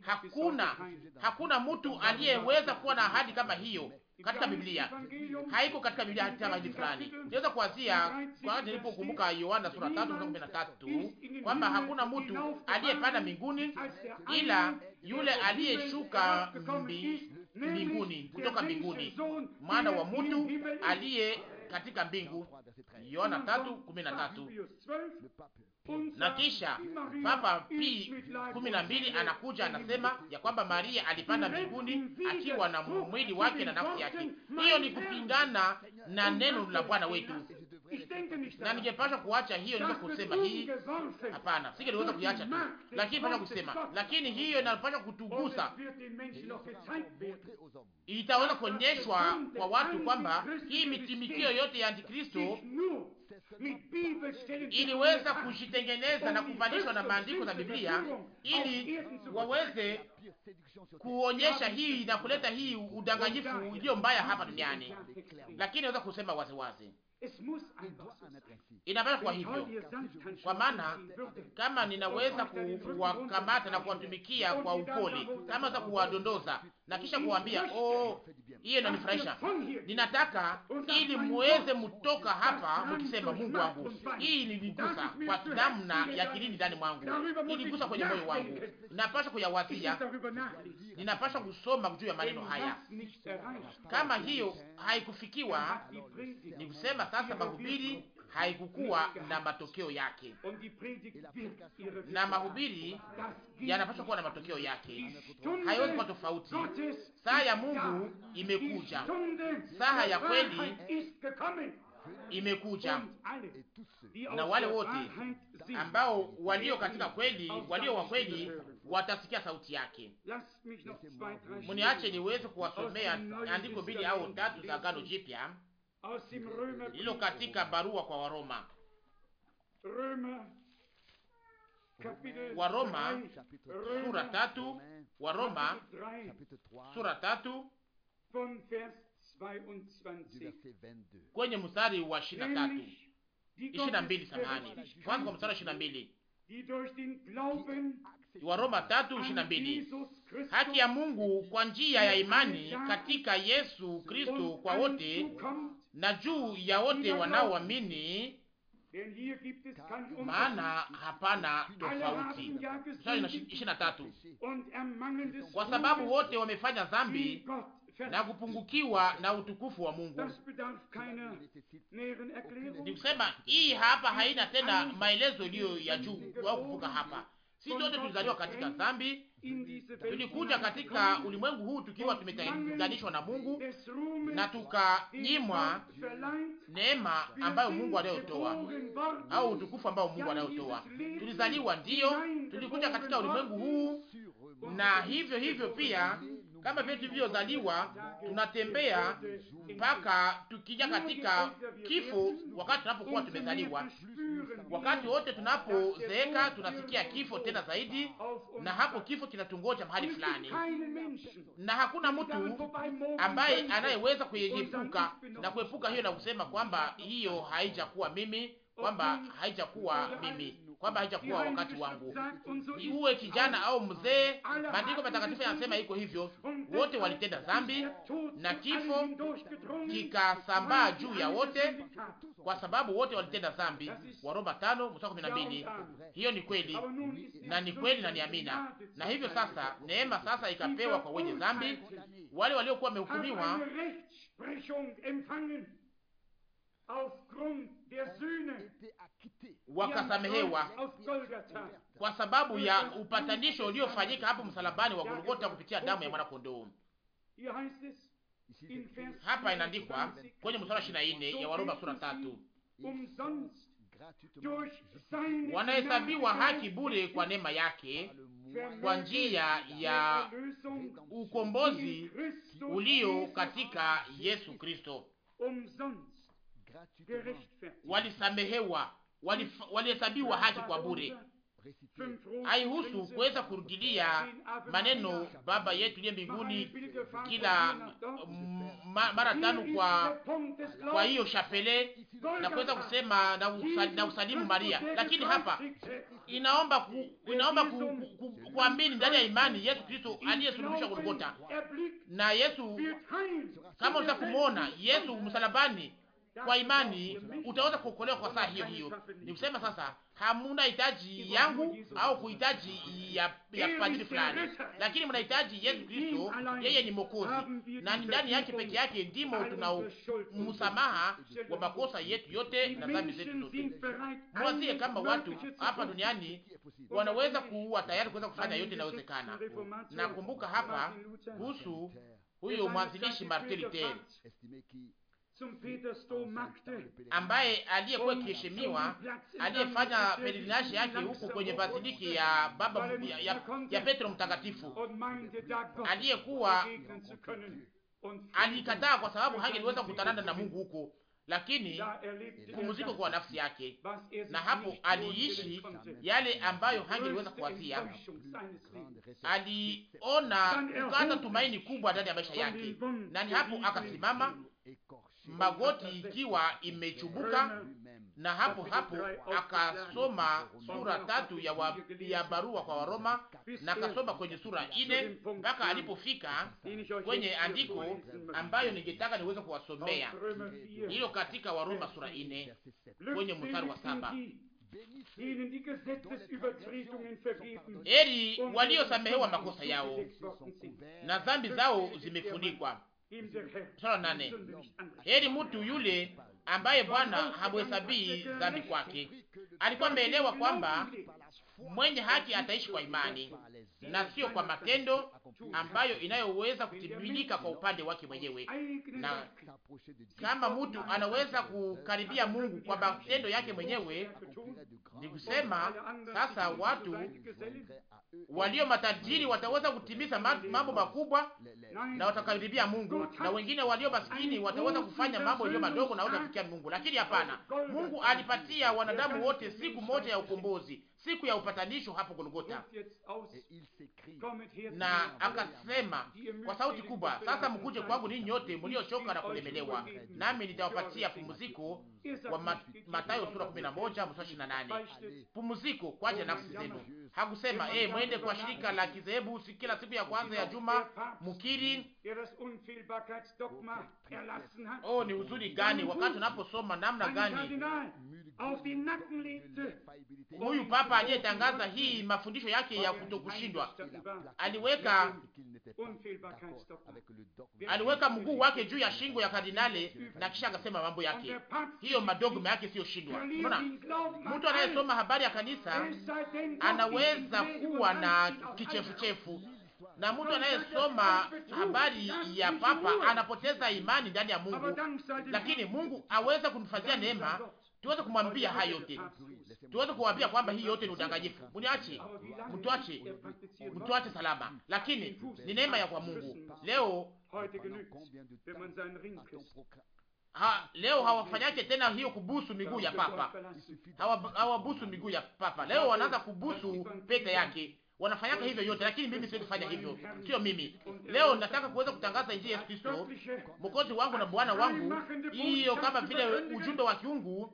Hakuna, hakuna mtu aliyeweza kuwa na ahadi kama hiyo katika Biblia, haiko katika Biblia hata maji fulani. Niweza kuanzia kwa nilipokumbuka Yohana sura 3:13 kwamba hakuna mtu aliyepanda mbinguni ila yule aliyeshuka mbinguni kutoka mbinguni, mwana wa mtu aliye katika mbingu. Yohana 3:13 na kisha Papa Pii kumi na mbili anakuja anasema ya kwamba Maria alipanda mbinguni akiwa na mwili wake na nafsi yake. Hiyo ni kupingana na neno la Bwana wetu, na ningepashwa kuacha hiyo, niweza kusema hii hapana, singeliweza kuiacha tu, lakini pasha kusema, lakini hiyo inapasha kutugusa, itaweza kuonyeshwa kwa watu kwamba hii mitimikio yote ya Antikristo iliweza kujitengeneza na kuvalishwa na maandiko za Biblia ili waweze kuonyesha hii na kuleta hii udanganyifu iliyo mbaya hapa duniani, lakini naweza kusema waziwazi inabaya kwa hivyo, kwa maana kama ninaweza kuwakamata na kuwatumikia kwa upole, kama naweza kuwadondoza na kisha kuwaambia oh, hiyo inanifurahisha. Ninataka ili muweze mtoka hapa mkisema, Mungu wangu, hii niligusa kwa namna ya kilindi ndani mwangu, niligusa kwenye moyo wangu, ninapasha kuyawazia, ninapasha kusoma juu ya maneno haya. Kama hiyo haikufikiwa, ni kusema sasa mahubiri haikukuwa na matokeo yake, na mahubiri yanapaswa kuwa na matokeo yake. Haiwezi kuwa tofauti. Saa ya Mungu imekuja, saa ya kweli imekuja, na wale wote ambao walio katika kweli, walio wa kweli watasikia sauti yake. Mniache niweze kuwasomea andiko mbili au tatu za Agano Jipya hilo katika barua kwa Waroma, Roma, Waroma sura tatu, Waroma sura tatu kwenye mstari wa ishirini na tatu ishirini na mbili samahani, kwanza kwa mstari wa ishirini na mbili Waroma tatu ishirini na mbili haki ya Mungu kwa njia ya imani katika Yesu Kristo kwa wote na juu ya wote wanaoamini, maana hapana tofauti. kwa sababu wote wamefanya dhambi na kupungukiwa na utukufu wa Mungu. ni kusema hii hapa haina tena maelezo iliyo ya juu au kuvuka hapa Si sote tulizaliwa katika dhambi, tulikuja katika ulimwengu huu tukiwa tumetenganishwa na Mungu na tukanyimwa neema ambayo Mungu anayotoa au utukufu ambao Mungu anayotoa. Tulizaliwa ndiyo, tulikuja katika ulimwengu huu, na hivyo hivyo pia kama vile tulivyozaliwa, tunatembea mpaka tukija katika kifo, wakati tunapokuwa tumezaliwa. Wakati wote tunapozeeka, tunasikia kifo tena zaidi, na hapo kifo kinatungoja mahali fulani, na hakuna mtu ambaye anayeweza kuepuka na kuepuka hiyo na kusema kwamba hiyo haijakuwa mimi, kwamba haijakuwa mimi kwamba haijakuwa wakati wangu, uwe kijana au mzee. Maandiko matakatifu yanasema iko hivyo, wote walitenda dhambi na kifo kikasambaa juu ya wote, kwa sababu wote walitenda dhambi. Waroma tano mstari kumi na mbili. Hiyo ni kweli na ni kweli na ni amina. Na hivyo sasa neema sasa ikapewa kwa wenye dhambi, wale waliokuwa wamehukumiwa wakasamehewa kwa sababu ya upatanisho uliofanyika hapo msalabani wa Golgota kupitia damu ya mwanakondoo. Hapa inaandikwa kwenye mstari wa 24 ya Waroma sura tatu, wanahesabiwa haki bure kwa neema yake kwa njia ya ukombozi ulio katika Yesu Kristo walisamehewa, walihesabiwa haki kwa bure. Haihusu kuweza kurudilia maneno Baba yetu liye mbinguni kila mara tano kwa kwa hiyo shapele na kuweza kusema na, usali, na usalimu Maria, lakini hapa inaomba ku, inaomba kuamini ku, ku, ku ndani ya imani Yesu Kristo aliyesuluhishwa Golgota na Yesu, kama unataka kumwona Yesu msalabani kwa imani utaweza kuokolewa kwa saa hiyo hiyo. Ni kusema sasa, hamuna hitaji yangu au kuhitaji ya, ya padri fulani, lakini mnahitaji Yesu Kristo. Yeye ni Mwokozi na ni ndani yake peke yake ndimo tuna msamaha wa makosa yetu yote na dhambi zetu zote. Mwazie kama watu hapa duniani wanaweza kuwa tayari kuweza kufanya yote inawezekana Nakumbuka hapa kuhusu huyo mwanzilishi Martin Luther ambaye aliyekuwa kiheshimiwa aliyefanya peregrinaje yake huku kwenye basiliki ya baba ya, ya, ya Petro Mtakatifu, aliyekuwa alikataa kwa sababu hangeliweza kutanana na Mungu huko, lakini pumziko kwa nafsi yake, na hapo aliishi yale ambayo hangeliweza kuwazia. Aliona ukata tumaini kubwa ndani ya maisha yake, na ni hapo akasimama magoti ikiwa imechubuka, na hapo hapo akasoma sura tatu ya, wa, ya barua kwa Waroma na akasoma kwenye sura ine mpaka alipofika kwenye andiko ambayo ningetaka niweze kuwasomea hiyo katika Waroma sura ine kwenye mstari wa saba. Heri waliosamehewa makosa yao na dhambi zao zimefunikwa nane. Heri mtu yule ambaye Bwana hamuhesabii dhambi kwake. Alikuwa ameelewa kwamba mwenye haki ataishi kwa imani na sio kwa matendo, ambayo inayoweza kutimilika kwa upande wake mwenyewe, na kama mtu anaweza kukaribia Mungu kwa matendo yake mwenyewe, ni kusema sasa watu walio matajiri wataweza kutimiza mambo makubwa na watakaribia Mungu, na wengine walio maskini wataweza kufanya mambo yaliyo madogo na watafikia Mungu. Lakini hapana, Mungu alipatia wanadamu wote siku moja ya ukombozi, siku ya upatanisho hapo Golgota, na akasema kwa sauti kubwa, sasa mkuje kwangu ninyi nyote mliochoka na kulemelewa, nami nitawapatia pumziko. Wa Mathayo sura 11 mstari 28, pumziko kwa ajili ya nafsi zenu. Hakusema eh, mwende kwa shirika la kizehebu kila siku ya kwanza ya juma mukiri. Oh, ni uzuri gani wakati unaposoma namna gani huyu papa aliyetangaza hii mafundisho yake ya kutokushindwa aliweka aliweka mguu wake juu ya shingo ya kardinale na kisha akasema mambo yake, hiyo madogma yake isiyoshindwa. Unaona, mtu anayesoma habari ya kanisa anaweza kuwa na kichefuchefu na mtu anayesoma habari ya papa anapoteza imani ndani ya Mungu, lakini Mungu aweza kumfanyia neema tuweze kumwambia hayo yote, tuweze kumwambia kwamba hii yote ni udanganyifu. Mniache, mtuache, mtuache salama, lakini ni neema ya kwa Mungu leo Ha, leo hawafanyake tena hiyo kubusu miguu ya papa, hawabusu hawa miguu ya papa. Leo wanaanza kubusu pete yake, wanafanyaka hivyo yote, lakini mimi siwezi kufanya hivyo, sio mimi. Leo nataka kuweza kutangaza injili Yesu Kristo mwokozi wangu na bwana wangu, hiyo kama vile ujumbe wa kiungu,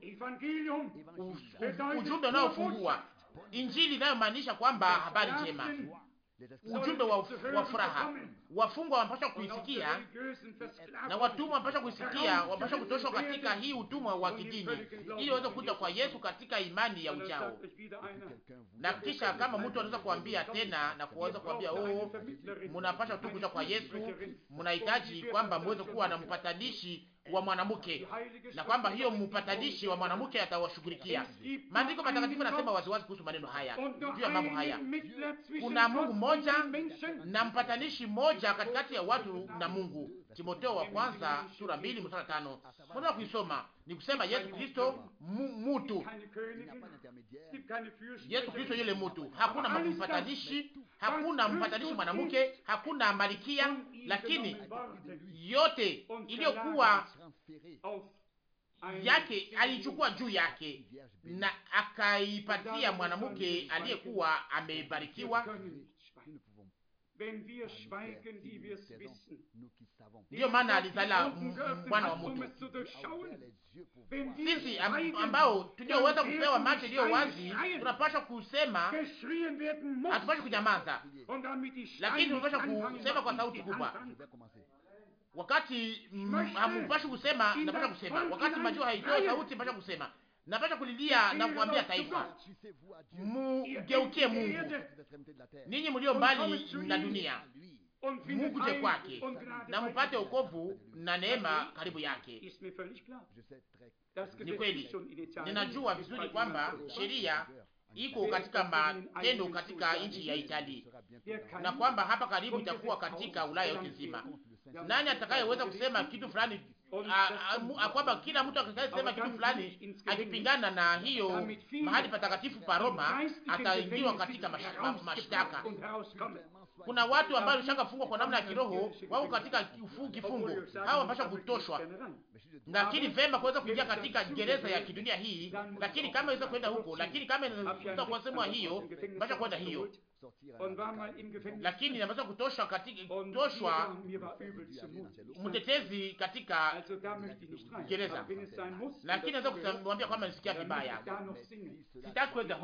ujumbe unaofungua injili inayomaanisha kwamba habari njema ujumbe wa, wa furaha. Wafungwa wanapaswa kuisikia na watumwa wanapaswa kuisikia, wanapaswa kutoshwa katika hii utumwa wa kidini, ili waweze kuja kwa Yesu katika imani ya ujao. Na kisha kama mtu anaweza kuambia tena na kuweza kuambia oh, mnapaswa tu kuja kwa Yesu, mnahitaji kwamba mweze kuwa na mpatanishi wa mwanamke na kwamba hiyo mpatanishi wa mwanamke atawashughulikia. Maandiko matakatifu yanasema waziwazi kuhusu maneno haya, juu ya mambo haya. Kuna Mungu mmoja na mpatanishi mmoja katikati ya watu na Mungu, timoteo wa kwanza sura mbili mstari tano. Mnaweza kuisoma. Ni kusema Yesu Kristo mtu, Yesu Kristo yule mtu. Hakuna mpatanishi, hakuna mpatanishi mwanamke, hakuna malikia, lakini yote iliyokuwa yake alichukua juu yake na akaipatia mwanamke aliyekuwa amebarikiwa Ndiyo maana alizala mwana wa mtu. Um Sisi ambao tulioweza kupewa macho iliyo wazi, tunapasha kusema, hatupashi kunyamaza, lakini tunapasha kusema kwa sauti kubwa. Wakati hamupashi kusema, napasha kusema. Wakati majua haitoa sauti, napasha kusema napata kulilia na kuambia taifa, mugeukie Mungu ninyi mlio mbali na dunia, Mungu kwake na mupate ukovu na neema karibu yake. Ni kweli, ninajua vizuri kwamba sheria iko katika matendo katika nchi ya Itali na kwamba hapa karibu itakuwa katika Ulaya yote nzima. Nani atakayeweza kusema kitu fulani Ah, ah, ah, kwamba kila mtu akisema kitu fulani akipingana na hiyo mahali patakatifu pa Roma ataingiwa katika mashtaka. Kuna watu ambao shaka fungwa kwa namna ya kiroho, wao katika kifungo, hao wapasha kutoshwa, lakini vema kuweza kuingia katika gereza ya kidunia hii, lakini kama iweza kwenda huko, lakini kama inaweza kusemwa hiyo, basi kwenda hiyo lakini inapaswa kutoshwa katika kutoshwa mtetezi katika gereza, lakini naweza kumwambia kwamba nisikia vibaya, sitaki kuweza.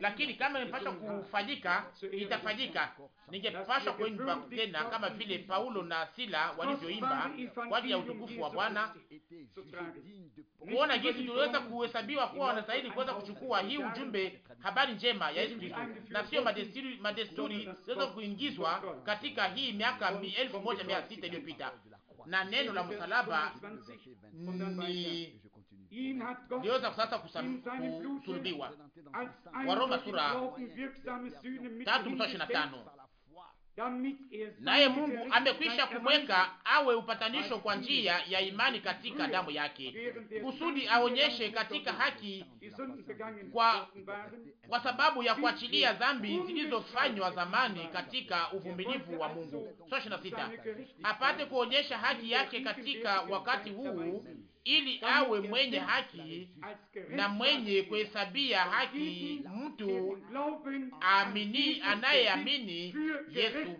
Lakini kama imepaswa kufanyika, itafanyika. Ningepaswa kuimba tena kama vile Paulo na Sila walivyoimba kwa ajili ya utukufu wa Bwana, kuona jinsi tuliweza kuhesabiwa kuwa wanastahili kuweza kuchukua hii ujumbe, habari njema ya Yesu Kristo na sio madesturi madesturi zinaweza kuingizwa katika hii miaka elfu moja mia sita iliyopita na neno la msalaba liweza sasa kusulubiwa. Waroma sura tatu mstari ishirini na tano naye Mungu amekwisha kumweka awe upatanisho kwa njia ya imani katika damu yake, kusudi aonyeshe katika haki kwa, kwa sababu ya kuachilia dhambi zilizofanywa zamani katika uvumilivu wa Mungu. Sura ishirini na sita apate kuonyesha haki yake katika wakati huu ili awe mwenye haki na mwenye kuhesabia haki mtu amini anayeamini Yesu.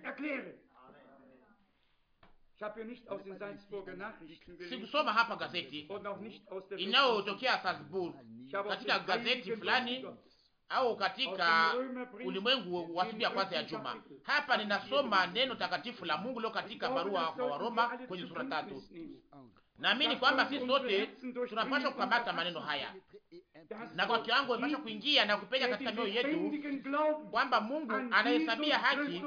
Sikusoma hapa gazeti inayotokea Salzburg, katika gazeti fulani au katika ulimwengu wa siku ya kwanza ya juma. Hapa ninasoma neno takatifu la Mungu leo katika barua kwa Waroma kwenye sura tatu. Naamini kwamba sisi sote tunapaswa kukamata maneno haya na kwa kiwango inapaswa kuingia na kupenya katika mioyo yetu, kwamba Mungu anahesabia haki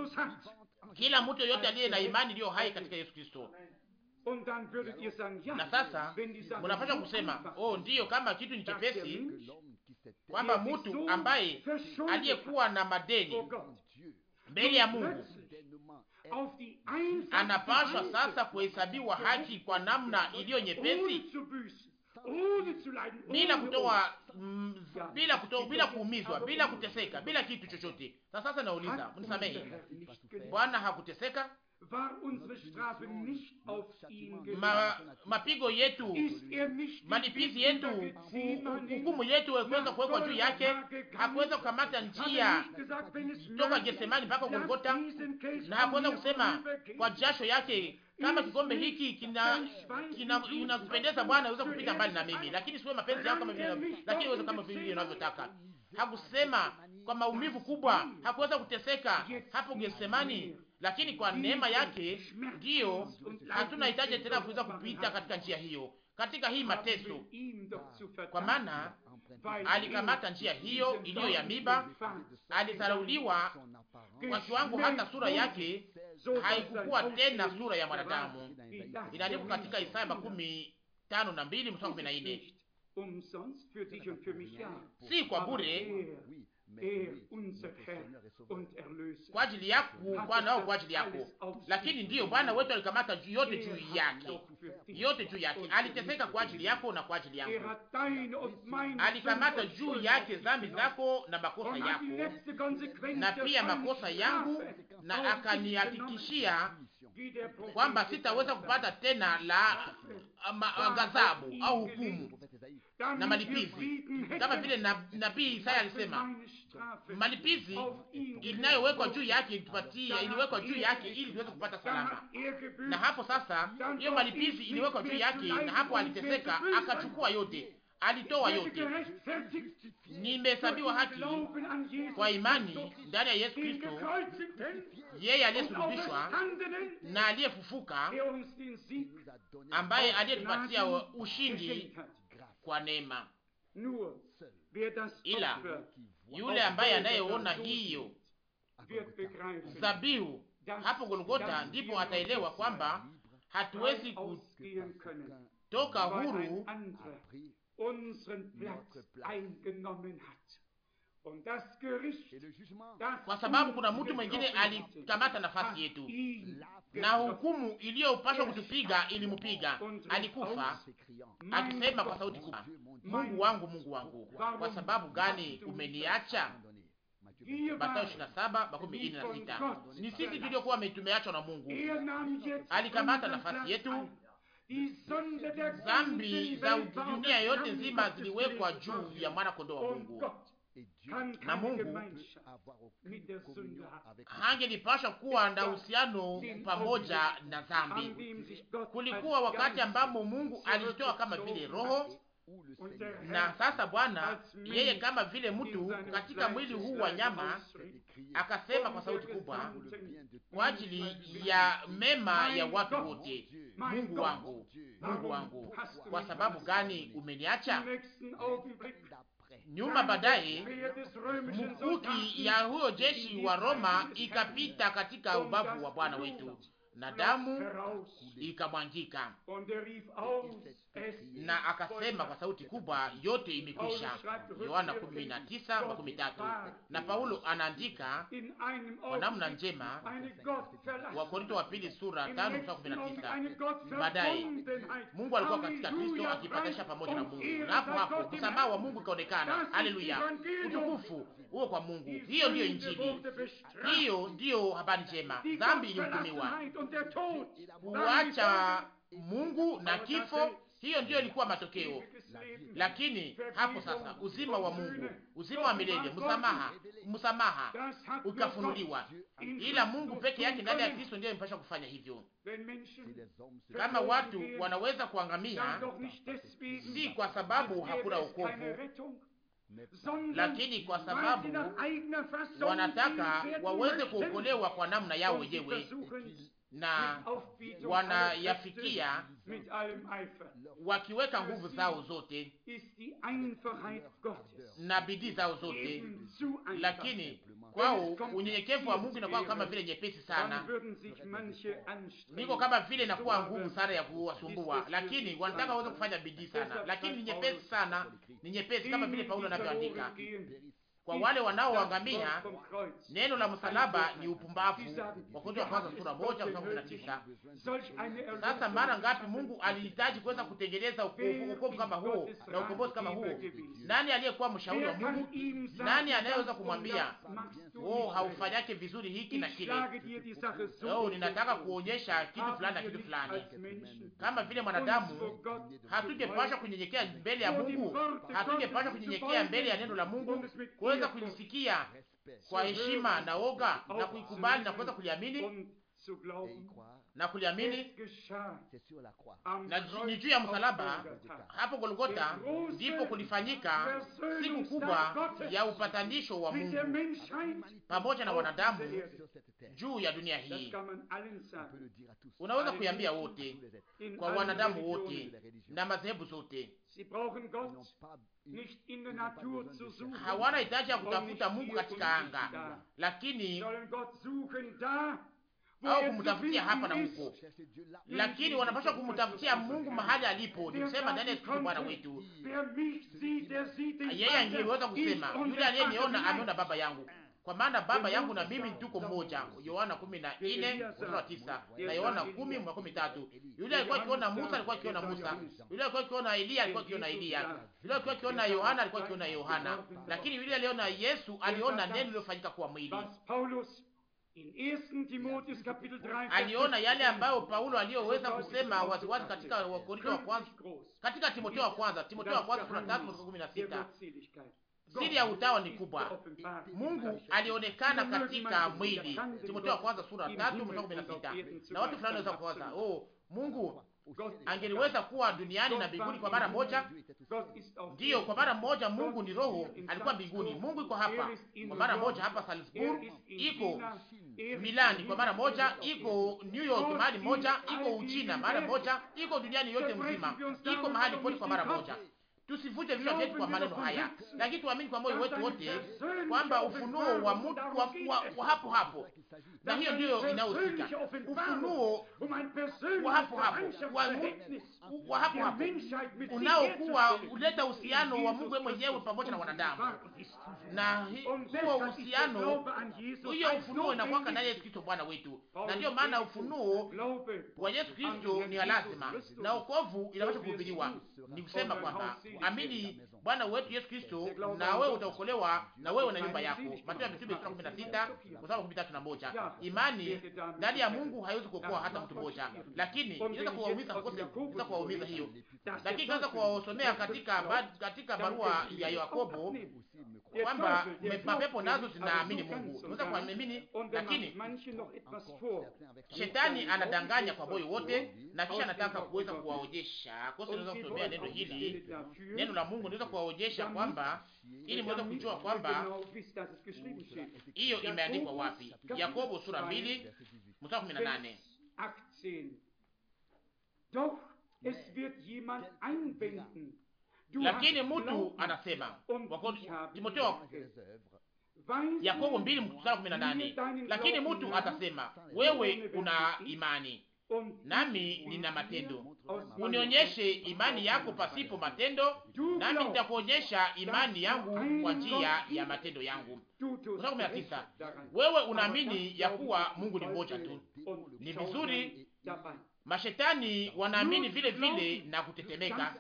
kila mtu yoyote aliye na imani iliyo hai katika Yesu Kristo. Na sasa mnapaswa kusema oh, ndiyo, kama kitu ni chepesi kwamba mtu ambaye aliyekuwa na madeni mbele ya Mungu Eh, mm, anapashwa sasa kuhesabiwa haki kwa namna iliyo nyepesi bila kutoa mm, bila kutoa bila kuumizwa bila kuteseka bila kitu chochote. Sasa nauliza, mnisamehe, Bwana hakuteseka? Ma, mapigo yetu er malipizi yetu hukumu yetu kuweza kuwekwa juu yake, hakuweza kukamata er njia toka Getsemani mpaka Golgota, na hakuweza kusema kwa jasho yake kama kikombe hiki kina Bwana weza kupita mbali na mimi, lakini siwe mapenzi yako kama er vile, lakini uweze kama vile unavyotaka. Hakusema kwa maumivu kubwa, hakuweza kuteseka hapo Getsemani lakini kwa neema yake ndiyo hatuna hitaji tena kuweza kupita katika njia hiyo, katika hii mateso, ah. kwa maana alikamata njia hiyo iliyo ya miba, alisarauliwa kwa kiwango, hata sura yake haikukuwa tena sura ya mwanadamu. Inaandikwa katika Isaya makumi tano na mbili mstari kumi na nne um, si kwa bure e, unser Herr und Erlöser, kwa ajili yako kwa nao kwa ajili yako. Lakini ndiyo Bwana wetu alikamata yote juu yake yote juu yake, aliteseka kwa ajili yako na kwa ajili yako. alikamata juu yake dhambi zako na makosa yako na pia makosa yangu, na akanihakikishia kwamba sitaweza kupata tena la ghadhabu au hukumu na malipizi, kama vile nabii Isaya alisema malipizi inayowekwa juu yake ilitupatia, iliwekwa juu yake ili tuweze kupata salama. Na hapo sasa, hiyo malipizi iliwekwa juu yake, na hapo aliteseka, akachukua yote, alitoa yote. Nimehesabiwa haki kwa imani ndani ya Yesu Kristo, yeye aliyesulubishwa na aliyefufuka, ambaye aliyetupatia ushindi kwa neema ila yule ambaye anayeona hiyo zabihu hapo Golgota, ndipo ataelewa kwamba hatuwezi kutoka huru kwa sababu kuna mtu mwingine alikamata nafasi yetu na hukumu iliyopaswa kutupiga ilimupiga. Alikufa akisema kwa sauti kubwa, Mungu wangu, Mungu wangu, kwa sababu gani umeniacha? Mathayo ishirini na sita. Ni sisi tuliokuwa tumeachwa na Mungu, alikamata nafasi yetu. Zambi za dunia yote nzima ziliwekwa juu ya mwana kondoo wa Mungu. Ah, na Mungu hangelipasha kuwa na uhusiano pamoja na dhambi. Kulikuwa wakati ambamo Mungu alijitoa kama vile roho na sasa Bwana yeye kama vile mtu katika mwili huu wa nyama akasema kwa sauti kubwa, kwa ajili ya mema ya watu wote, Mungu wangu, Mungu wangu, kwa sababu gani umeniacha? nyuma baadaye mkuki ya huyo jeshi wa Roma ikapita katika ubavu wa Bwana wetu na damu ikamwangika, na akasema kwa sauti kubwa, yote imekwisha. Yohana 19:13. Na Paulo anaandika kwa namna njema wa Korinto wa pili sura 5:19, baadaye Mungu alikuwa katika Kristo akipatanisha pamoja na Mungu, na hapo hapo msamaha wa Mungu ikaonekana. Haleluya, utukufu huo kwa Mungu. Hiyo ndiyo Injili, hiyo ndiyo habari njema. Dhambi ilihukumiwa, kuacha Mungu na kifo hiyo ndiyo ilikuwa matokeo. Lakini hapo sasa, uzima wa Mungu, uzima wa milele, msamaha, msamaha ukafunuliwa, ila Mungu peke yake ndani ya Kristo ndiye amepasha kufanya hivyo. Kama watu wanaweza kuangamia, si kwa sababu hakuna wokovu lakini kwa sababu wanataka waweze kuokolewa kwa namna yao wenyewe, na wanayafikia wakiweka nguvu zao zote na bidii zao zote, lakini kwao unyenyekevu wa Mungu inakuwa kama vile nyepesi sana, niko kama vile inakuwa ngumu sana ya kuwasumbua, lakini wanataka waweze kufanya bidii sana, lakini ni nyepesi sana, ni nyepesi kama vile Paulo anavyoandika kwa wale wanaoangamia. Neno la msalaba ni upumbavu. Wakorintho wa kwanza sura moja mstari kumi na tisa. Sasa mara ngapi Mungu alihitaji kuweza kutengeneza ukovu kama huo na ukombozi kama huo? Nani aliyekuwa mshauri wa Mungu? Nani anayeweza kumwambia oh, haufanyake vizuri hiki na kile? Oh, ninataka kuonyesha kitu fulani na kitu fulani. Kama vile mwanadamu, hatungepasha kunyenyekea mbele ya Mungu, hatungepasha kunyenyekea mbele ya neno la Mungu kwa kuweza kuisikia kwa heshima na woga na kuikubali na kuweza kuliamini na kuliamini, na ni juu ya msalaba hapo Golgota ndipo kulifanyika siku kubwa ya upatanisho wa Mungu pamoja na wanadamu juu ya dunia hii. Unaweza kuiambia wote, kwa wanadamu wote na madhehebu zote hawana hitaji ya kutafuta Mungu katika anga, lakini au kumtafutia hapa na huko, lakini wanapaswa kumtafutia Mungu mahali alipo. Nikusema ndani ya Kristo Bwana wetu, yeye angeweza kusema yule aliyeniona ameona Baba yangu, kwa maana Baba yangu na mimi tuko mmoja. Yohana kumi na nne mstari wa tisa na Yohana kumi mstari tatu. Yule alikuwa akiona Musa alikuwa akiona Musa, yule alikuwa akiona Eliya alikuwa akiona Eliya, yule alikuwa akiona Yohana alikuwa akiona Yohana, lakini yule aliona Yesu aliona neno lilofanyika kuwa mwili aliona yale ambayo Paulo aliyoweza kusema waziwazi katika Wakorintho wa kwanza, katika Timotheo wa kwanza, Timotheo wa kwanza sura tatu mstari kumi sita siri ya utawa ni kubwa, Mungu alionekana katika mwili. Timotheo wa kwanza sura tatu mstari kumi na sita Na watu fulani wanaweza kuwaza oh, Mungu angeliweza kuwa duniani na mbinguni kwa mara moja. Ndiyo, kwa mara moja. Mungu ni Roho, alikuwa mbinguni. Mungu iko hapa kwa mara moja, hapa Salzburg, iko Milani kwa mara moja, iko New York mahali moja, iko Uchina mara moja, iko duniani yote mzima, iko mahali pote kwa mara moja. Tusivute vichwa vyetu kwa maneno haya, lakini tuamini kwa moyo wetu wote kwamba ufunuo wa mtu wa, wa, wa hapo hapo, na hiyo ndiyo inayohusika ufunuo wa hapo hapo wa hapo hapo unaokuwa uleta uhusiano wa Mungu mwenyewe pamoja na wanadamu, na huo uhusiano, hiyo ufunuo inakuwa ndani Yesu Kristo Bwana wetu, na ndiyo maana ufunuo wa Yesu Kristo ni lazima, na wokovu inapaswa kuhubiriwa, ni kusema kwamba kuamini Bwana wetu Yesu Kristo, na wewe utaokolewa na wewe na nyumba yako. Mathayo ya mitume 16 mstari wa 13 na moja. Imani ndani ya Mungu haiwezi kuokoa hata mtu mmoja, lakini inaweza kuwaumiza kosa, inaweza kuwaumiza hiyo, lakini inaweza kuwasomea katika katika barua ya Yakobo kwamba mapepo nazo zinaamini Mungu, unaweza kuamini, lakini shetani anadanganya kwa moyo wote, na kisha anataka kuweza kuwaonyesha kosa. Unaweza kusomea neno hili, neno la Mungu, unaweza kuwaonyesha kwamba, ili mweze kujua kwamba hiyo imeandikwa wapi. Yakobo sura mbili mstari kumi na nane. Lakini mtu anasema Timotheo Yakobo mbili mstari kumi na nane, lakini mtu atasema wewe una imani nami nina matendo. Unionyeshe imani yako pasipo matendo, nami nitakuonyesha imani yangu kwa njia ya matendo yangu. Wewe unaamini ya kuwa Mungu ni mmoja tu, ni vizuri. Mashetani wanaamini vile vile na kutetemeka,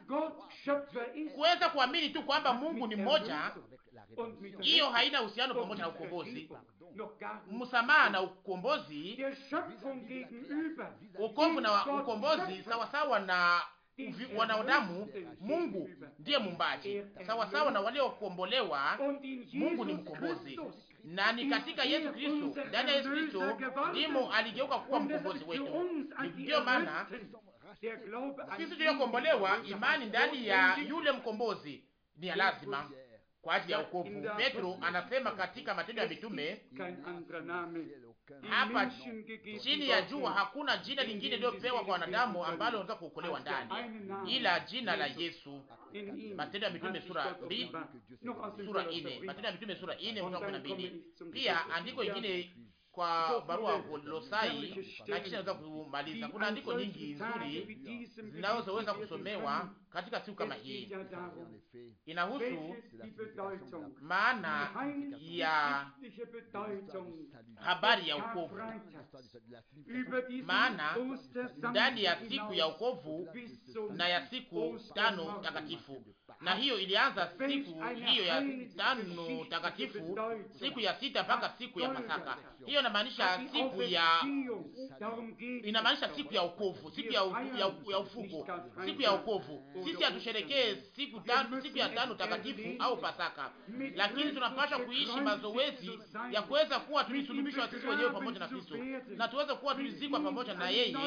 kuweza kuamini tu kwamba Mungu ni mmoja hiyo haina uhusiano pamoja na ukombozi. Msamaha na ukombozi, ukomvu na ukombozi, sawasawa na wanadamu. Mungu ndiye mumbaji, sawasawa na waliokombolewa. Mungu ni mkombozi, na ni katika Yesu Kristo, ndani ya Yesu Kristo ndimo aligeuka kuwa mkombozi wetu. Ndiyo maana sisi tuliokombolewa, imani ndani ya yule mkombozi ni ya lazima kwa ajili ya ukovu. Petro anasema katika Matendo ya Mitume, hapa chini ya jua hakuna jina lingine iliyopewa kwa wanadamu ambalo unaweza kuokolewa ndani ila jina la Yesu. Matendo ya Mitume sura mbili, sura ine. Matendo ya Mitume sura ine mstari kumi na mbili. Pia andiko ingine kwa barua Kolosai, na kisha naweza kumaliza. Kuna andiko nyingi nzuri zinazoweza kusomewa katika siku kama hii inahusu maana ya habari ya ukovu, maana ndani ya siku ya ukovu na ya siku tano takatifu. Na hiyo ilianza siku hiyo ya tano takatifu, siku ya sita mpaka siku ya Pasaka. Hiyo inamaanisha siku ya inamaanisha siku ya ukovu, siku ya, ufuko, siku ya ukovu sisi hatusherekee siku tatu, siku ya tano takatifu au Pasaka, lakini tunapaswa kuishi mazoezi ya kuweza kuwa tulisulubishwa sisi wenyewe pamoja na Kristo, na tuweze kuwa tulizikwa pamoja na yeye,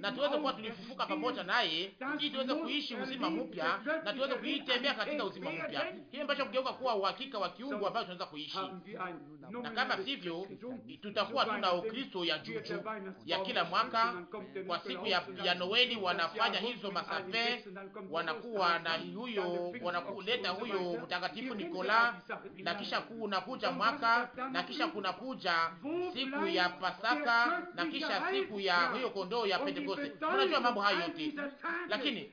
na tuweze kuwa tulifufuka pamoja naye, ili tuweze kuishi uzima mpya na tuweze kuitembea katika uzima mpya. Hiyo mpasha kugeuka kuwa uhakika wa kiungu ambayo tunaweza kuishi, na kama sivyo tutakuwa tuna Ukristo ya juu ya kila mwaka. Kwa siku ya, ya Noeli wanafanya hizo masafe wanakuwa na huyo wanakuleta huyo mtakatifu Nikola, na kisha kunakuja mwaka, na kisha kunakuja siku ya Pasaka, na kisha siku ya huyo kondoo ya Pentekoste. Unajua mambo hayo yote, lakini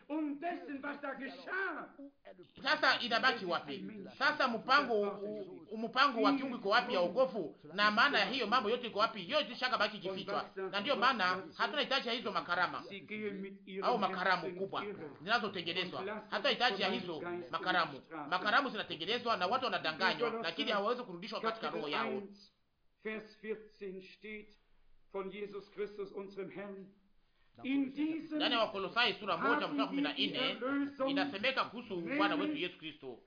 sasa inabaki wapi? Sasa mpango mpango wa kiungu iko wapi ya wokovu? Na maana ya hiyo mambo yote iko wapi? Hiyo shaka baki kifichwa, na ndiyo maana hatuna hitaji hizo makarama au makaramu kubwa zinazotengenezwa zinatengenezwa, hata hitaji ya hizo makaramu. Makaramu zinatengenezwa na watu wanadanganywa, lakini hawawezi kurudishwa katika roho yao. Ndani ya Wakolosai sura moja mstari kumi na nne inasemeka kuhusu Bwana wetu Yesu Kristo,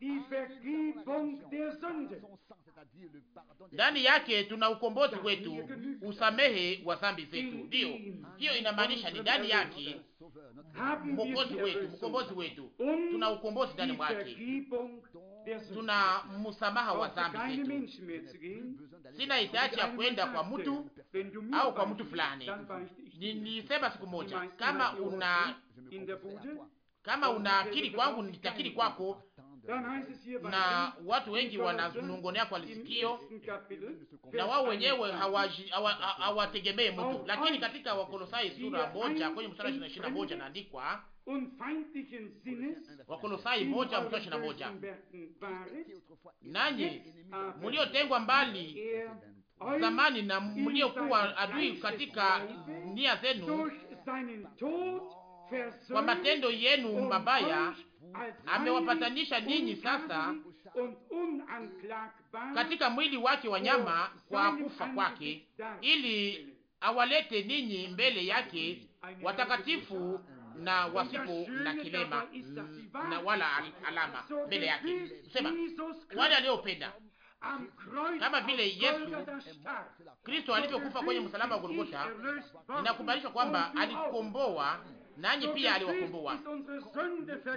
ndani yake tuna ukombozi wetu, usamehe wa dhambi zetu. Ndiyo hiyo inamaanisha, ni ndani yake mwokozi wetu, mkombozi wetu, tuna ukombozi ndani mwake tuna msamaha wa dhambi zetu. Sina hitaji ya kwenda kwa mtu au kwa mtu fulani nilisema siku moja, kama una kama akili kwangu nitakiri kwako, na watu wengi wananungonea kwa lisikio na wao wenyewe hawategemee mtu. Lakini katika Wakolosai sura moja kwenye mstari wa ishirini na moja naandikwa Wakolosai moja mstari ishirini na moja nanyi mliotengwa mbali zamani na mliokuwa adui katika nia zenu, kwa matendo yenu mabaya amewapatanisha ninyi sasa katika mwili wake wa nyama kwa kufa kwake, ili awalete ninyi mbele yake watakatifu na wasipo na kilema na wala alama mbele yake, sema wale aliopenda kama vile Yesu Kristo alivyokufa kwenye msalaba wa Golgotha, Ninakubalishwa kwamba alikomboa nanyi pia aliwakomboa,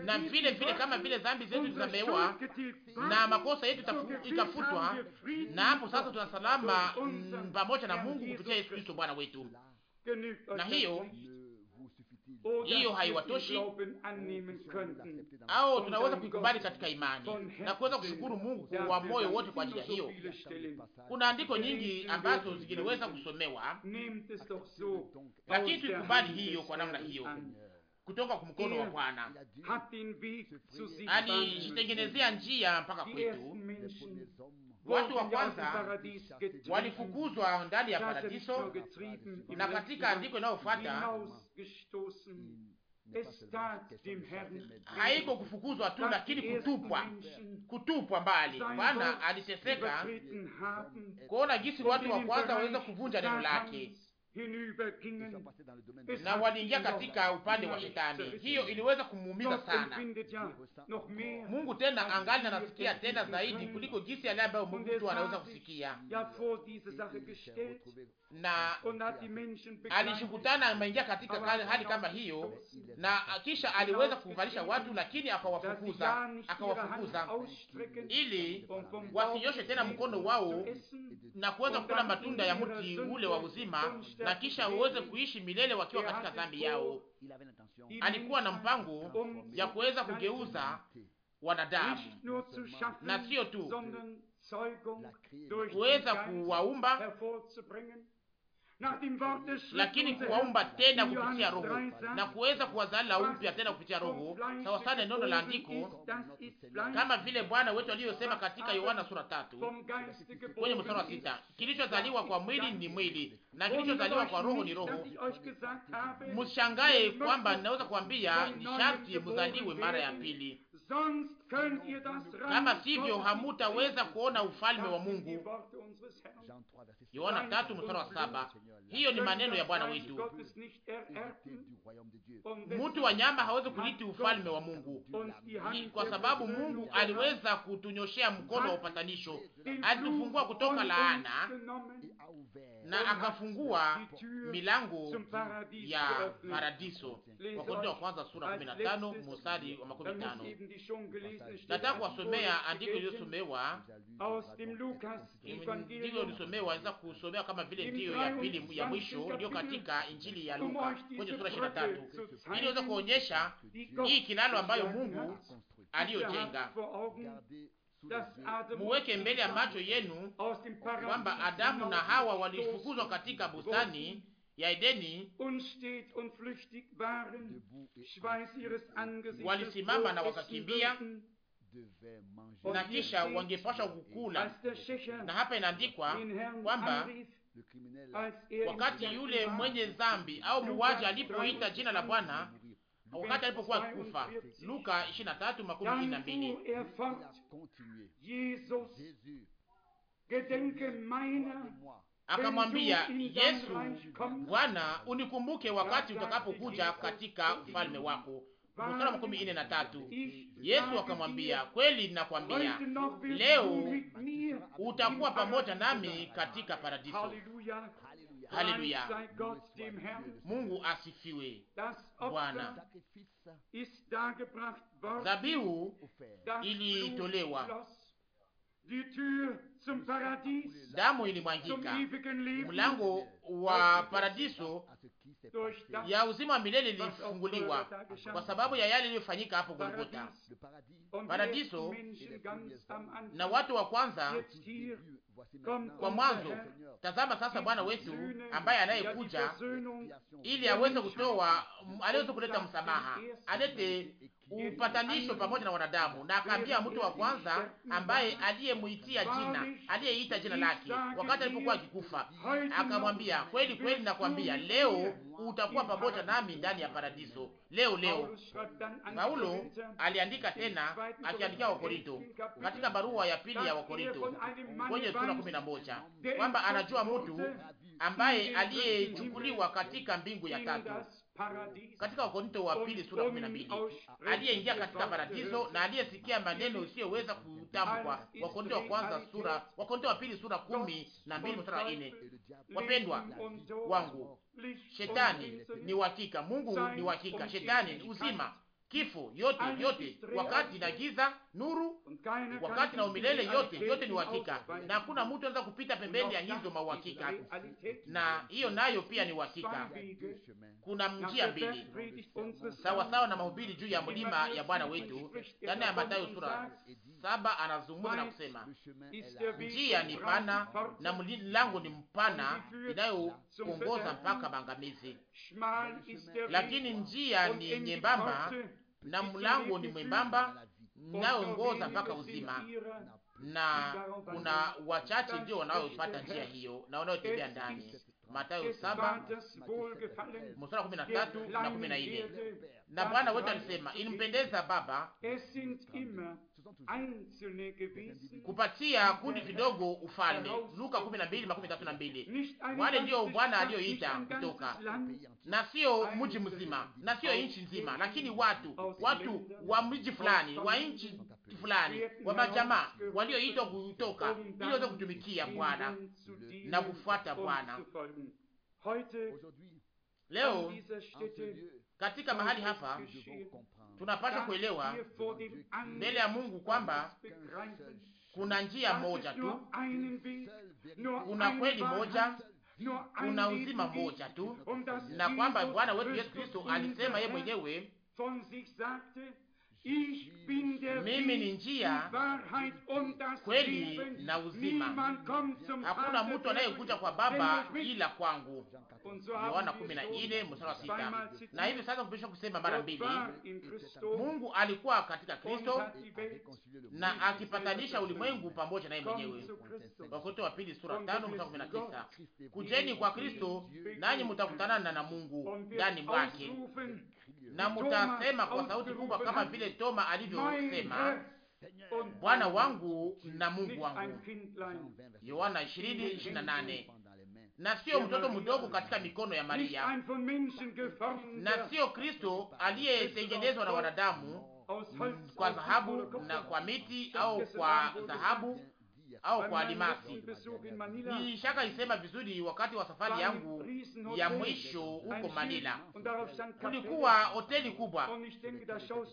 na vile vile kama vile dhambi zetu zinamewa na makosa yetu ikafutwa, na hapo sasa tuna salama pamoja na Mungu kupitia Yesu Kristo Bwana wetu, na hiyo hiyo haiwatoshi, au tunaweza kuikubali katika imani na kuweza kushukuru Mungu kwa moyo wote kwa ajili ya hiyo. Kuna andiko nyingi ambazo zingeweza kusomewa, lakini tuikubali hiyo kwa namna hiyo kutoka kwa mkono wa Bwana alijitengenezea njia mpaka kwetu watu wa kwanza walifukuzwa ndani ya paradiso, na katika andiko inayofuata haiko kufukuzwa tu, lakini kutupwa, kutupwa mbali. Bwana aliteseka kuona jinsi watu wa kwanza waweza kuvunja neno lake na waliingia katika upande wa shetani. Hiyo iliweza kumuumiza sana Mungu, tena angali anasikia tena zaidi kuliko jinsi yale ambayo Mungu anaweza kusikia, na alishukutana ameingia katika hali kama hiyo, na kisha aliweza kuvalisha watu, lakini akawafukuza, akawafukuza ili wasinyoshe tena mkono wao na kuweza kula matunda ya mti ule wa uzima na kisha uweze kuishi milele wakiwa katika dhambi yao. Alikuwa na mpango ya kuweza kugeuza wanadamu na sio tu kuweza kuwaumba lakini kuwaumba tena kupitia Roho na kuweza kuwazala upya tena kupitia Roho sawa sana neno la andiko, kama vile Bwana wetu aliyosema katika Yohana sura tatu kwenye mstari wa sita kilichozaliwa kwa mwili ni mwili na kilichozaliwa kwa roho ni roho. mshangae kwamba ninaweza kuambia ni sharti mzaliwe mara ya pili, kama sivyo hamutaweza kuona ufalme wa Mungu. Yohana tatu mstari wa saba. Hiyo ni maneno ya Bwana wetu, mtu wa nyama hawezi kuliti ufalme wa Mungu, kwa sababu Mungu aliweza kutunyoshea mkono wa upatanisho, alitufungua kutoka laana na akafungua milango ya paradiso. Wakorintho wa kwanza sura 15 mstari wa 15. Nataka kuwasomea andiko iliyosomewa ndiko lisomewa, naweza kusomea kama vile ndiyo ya pili ya mwisho ndio katika Injili ya Luka kwenye sura 23, ili iweze kuonyesha hii kinalo ambayo Mungu aliyojenga muweke mbele ya macho yenu kwamba Adamu na Hawa walifukuzwa katika bustani ya Edeni, walisimama na wakakimbia na kisha wangepasha kukula. Na hapa inaandikwa kwamba er wakati yule mwenye zambi au muwaji alipoita jina la Bwana wakati alipokuwa akikufa. Luka 23 makumi mbili na mbili. Akamwambia Yesu, Bwana, unikumbuke wakati utakapokuja katika ufalme wako. Mstari makumi ine na tatu. Yesu akamwambia, kweli ninakwambia, leo utakuwa pamoja nami katika paradiso. Haleluya, Mungu asifiwe. Bwana, dhabihu ilitolewa damu ilimwangika, mlango wa paradiso ya uzima wa milele ilifunguliwa kwa sababu ya yale iliyofanyika hapo Golgota. Paradiso na watu wa kwanza kwa mwanzo. Tazama sasa Bwana wetu ambaye anayekuja ili aweze kutoa, aliweze kuleta msamaha, alete upatanisho pamoja na wanadamu, na akaambia mtu wa kwanza ambaye aliyemuitia jina, aliyeita jina lake wakati alipokuwa akikufa, akamwambia kweli kweli, nakwambia leo utakuwa pamoja nami ndani ya paradiso leo leo. Paulo aliandika tena akiandikia Wakorinto katika barua ya pili ya Wakorinto kwenye sura kumi na moja kwamba anajua mtu ambaye aliyechukuliwa katika mbingu ya tatu katika Wakorinto wa pili sura kumi na mbili aliyeingia katika paradiso na aliyesikia maneno isiyoweza kutamkwa. Wakorinto wa kwanza sura, Wakorinto wa pili sura kumi na mbili mstari wa nne. Wapendwa wangu, shetani ni uhakika, Mungu ni uhakika, shetani ni uzima kifo, yote yote, wakati na giza, nuru, wakati na umilele, yote yote ni uhakika, na hakuna mtu anaweza kupita pembeni ya hizo mauhakika, na hiyo nayo pia ni uhakika. Kuna njia mbili sawa sawa na mahubiri juu ya mlima ya Bwana wetu ndani ya Mathayo sura saba, anazungumza na kusema njia ni pana na mlango ni mpana inayoongoza mpaka mangamizi lakini njia ni nyembamba na mlango ni mwembamba nayongoza mpaka uzima, na kuna wachache ndio wanaopata njia hiyo na wanaotembea ndani. Mathayo 7 mstari 13 na 14. na nne. Na Bwana wetu alisema, ilimpendeza Baba kupatia kundi kidogo ufalme. Luka 12:32. Wale ndio Bwana aliyoita kutoka, na sio mji mzima, na sio nchi nzima, lakini watu watu wa mji fulani, wa nchi fulani, wa majamaa walioitwa kutoka, ili waweze kutumikia Bwana na kufuata um Bwana. Leo katika mahali hapa tunapata kuelewa mbele ya Mungu kwamba kuna njia moja tu, kuna kweli moja, kuna uzima moja tu, na kwamba Bwana wetu Yesu Kristo alisema yeye mwenyewe mimi ni njia, kweli na uzima. Hakuna mtu anayekuja kwa Baba ila kwangu. Yohana 14:6. Na hivyo sasa kupisha kusema mara mbili, Mungu alikuwa katika Kristo na akipatanisha ulimwengu pamoja naye mwenyewe. Wakorintho wa pili sura 5:19. Kujeni kwa Kristo nanyi mtakutana na Mungu ndani mwake, na mutasema kwa sauti kubwa kama vile Toma alivyosema, Bwana wangu na Mungu wangu, Yohana 20:28. Na sio mtoto mdogo katika mikono ya Maria, na sio Kristo aliyetengenezwa na wanadamu kwa dhahabu na kwa miti au kwa dhahabu au kwa alimasi. Nilishaka isema vizuri wakati wa safari yangu ya mwisho huko Manila, kulikuwa hoteli kubwa,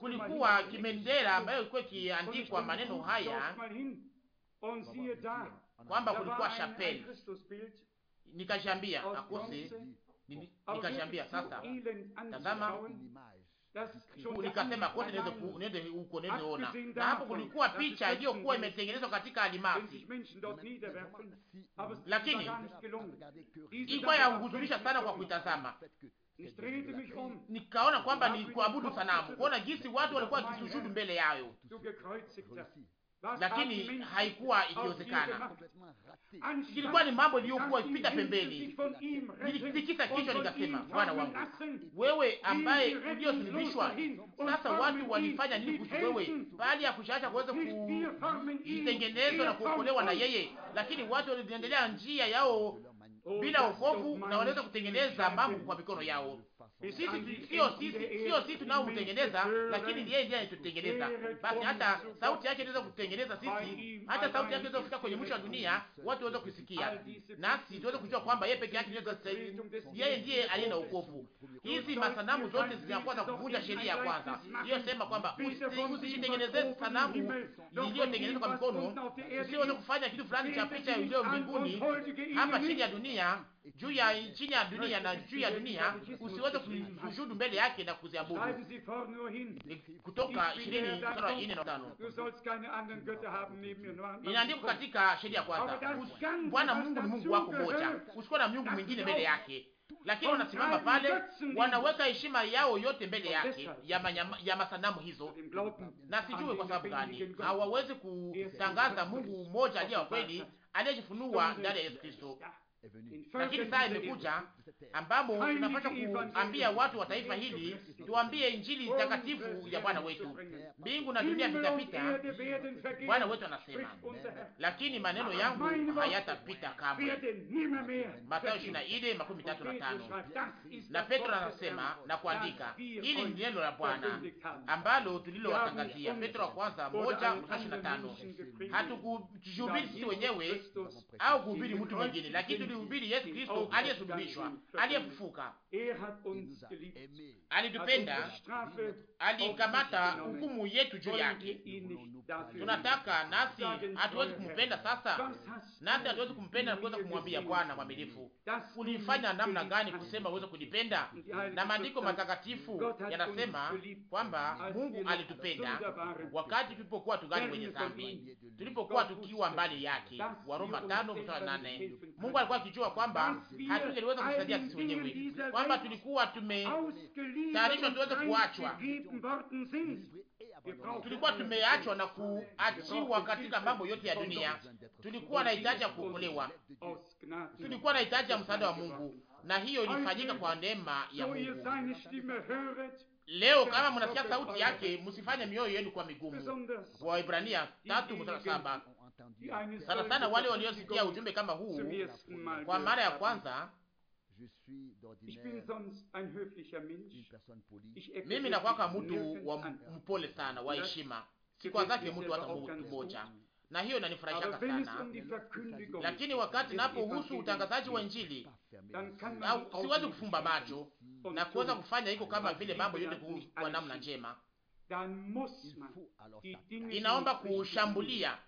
kulikuwa kimendera ambayo ilikuwa ikiandikwa maneno haya kwamba kulikuwa chapeli. Nikashambia akose, nikashambia sasa, tazama nikasema kote niweze niende huko niweze ona, na hapo kulikuwa picha iliyokuwa imetengenezwa katika alimasi, lakini ilikuwa ya kuhuzunisha sana kwa kuitazama. Nikaona kwamba ni kuabudu sanamu, kuona jinsi watu walikuwa wakisujudu mbele yayo lakini haikuwa ikiwezekana. Ilikuwa ni mambo iliyokuwa ikipita pembeni. Nilitikisa kichwa nikasema, Bwana wangu wewe, ambaye uliosulubishwa, sasa watu walifanya nini kuhusu wewe? Baada ya kushaacha kuweza kuitengenezwa na kuokolewa na yeye, lakini watu waliendelea njia yao oh, bila wokovu, na waliweza kutengeneza mambo kwa mikono yao sisi, sio sisi, sio sisi tunaomtengeneza, lakini ni yeye ndiye anatutengeneza. Basi hata sauti yake inaweza kutengeneza sisi, hata sauti yake inaweza kufika kwenye mwisho wa dunia, watu waweze kuisikia, nasi tuweze kujua kwamba yeye peke yake ndiye, yeye ndiye aliye na wokovu. Hizi masanamu zote zinakuwa za kuvunja sheria ya kwanza iliyosema kwamba usijitengenezee sanamu iliyotengenezwa kwa mkono, usiweze kufanya kitu fulani cha picha iliyo mbinguni hapa chini ya dunia juu ya chini ya dunia na juu ya dunia, usiweze kusujudu mbele yake na kuziabudu. Kutoka ishirini sura ine na tano inaandikwa katika sheria ya kwanza, Bwana Mungu ni Mungu wako moja, usikuwa na miungu mwingine mbele yake. Lakini wanasimama pale, wanaweka heshima yao yote mbele yake ya, manyama, ya masanamu hizo, na sijue kwa sababu gani hawawezi kutangaza er Mungu mmoja aliye wa er kweli, aliyejifunua ndani ya Yesu Kristo lakini saa imekuja ambamo tunapasha kuambia watu wa taifa hili, tuambie injili takatifu ya Bwana wetu. Mbingu na dunia vitapita, Bwana wetu anasema, lakini maneno yangu hayatapita kamwe. Mathayo ishirini na nne makumi tatu na tano. Na Petro anasema na kuandika, hili ni neno la Bwana ambalo tulilowatangazia. Petro wa kwanza moja ishirini na tano. Hatukujihubiri sisi wenyewe au kuhubiri mtu mwingine, lakini tulihubiri Yesu Kristo aliyesulubishwa, aliyefufuka, alitupenda, alikamata hukumu yetu juu yake. Tunataka nasi hatuwezi kumpenda sasa, nasi hatuwezi kumpenda na kuweza kumwambia Bwana mwamilifu, ulifanya namna gani kusema uweze kunipenda? Na maandiko matakatifu yanasema kwamba Mungu alitupenda wakati tulipokuwa tugani wenye dhambi, tulipokuwa tukiwa mbali yake, Waroma tano mstari nane. Mungu alikuwa tukijua kwamba hatungeliweza kujisaidia sisi wenyewe, kwamba tulikuwa tumetayarishwa tuweze kuachwa, tulikuwa tumeachwa na kuachiwa katika mambo yote ya dunia. Tulikuwa na hitaji ya kuokolewa, tulikuwa na hitaji ya msaada wa Mungu, na hiyo ilifanyika kwa neema ya Mungu. Leo kama mnasikia sauti yake, msifanye mioyo yenu kwa migumu. Waibrania tatu mstari saba sana sana wale waliosikia ujumbe kama huu kwa mara ya kwanza. Mimi nakwaka mtu wa mpole sana wa heshima, kwa zake mtu hata mtu mmoja, na hiyo inanifurahisha sana. Um Lakini wakati napohusu utangazaji wa Injili, siwezi kufumba macho na kuweza kufanya hiko kama vile mambo yote kwa namna njema inaomba kushambulia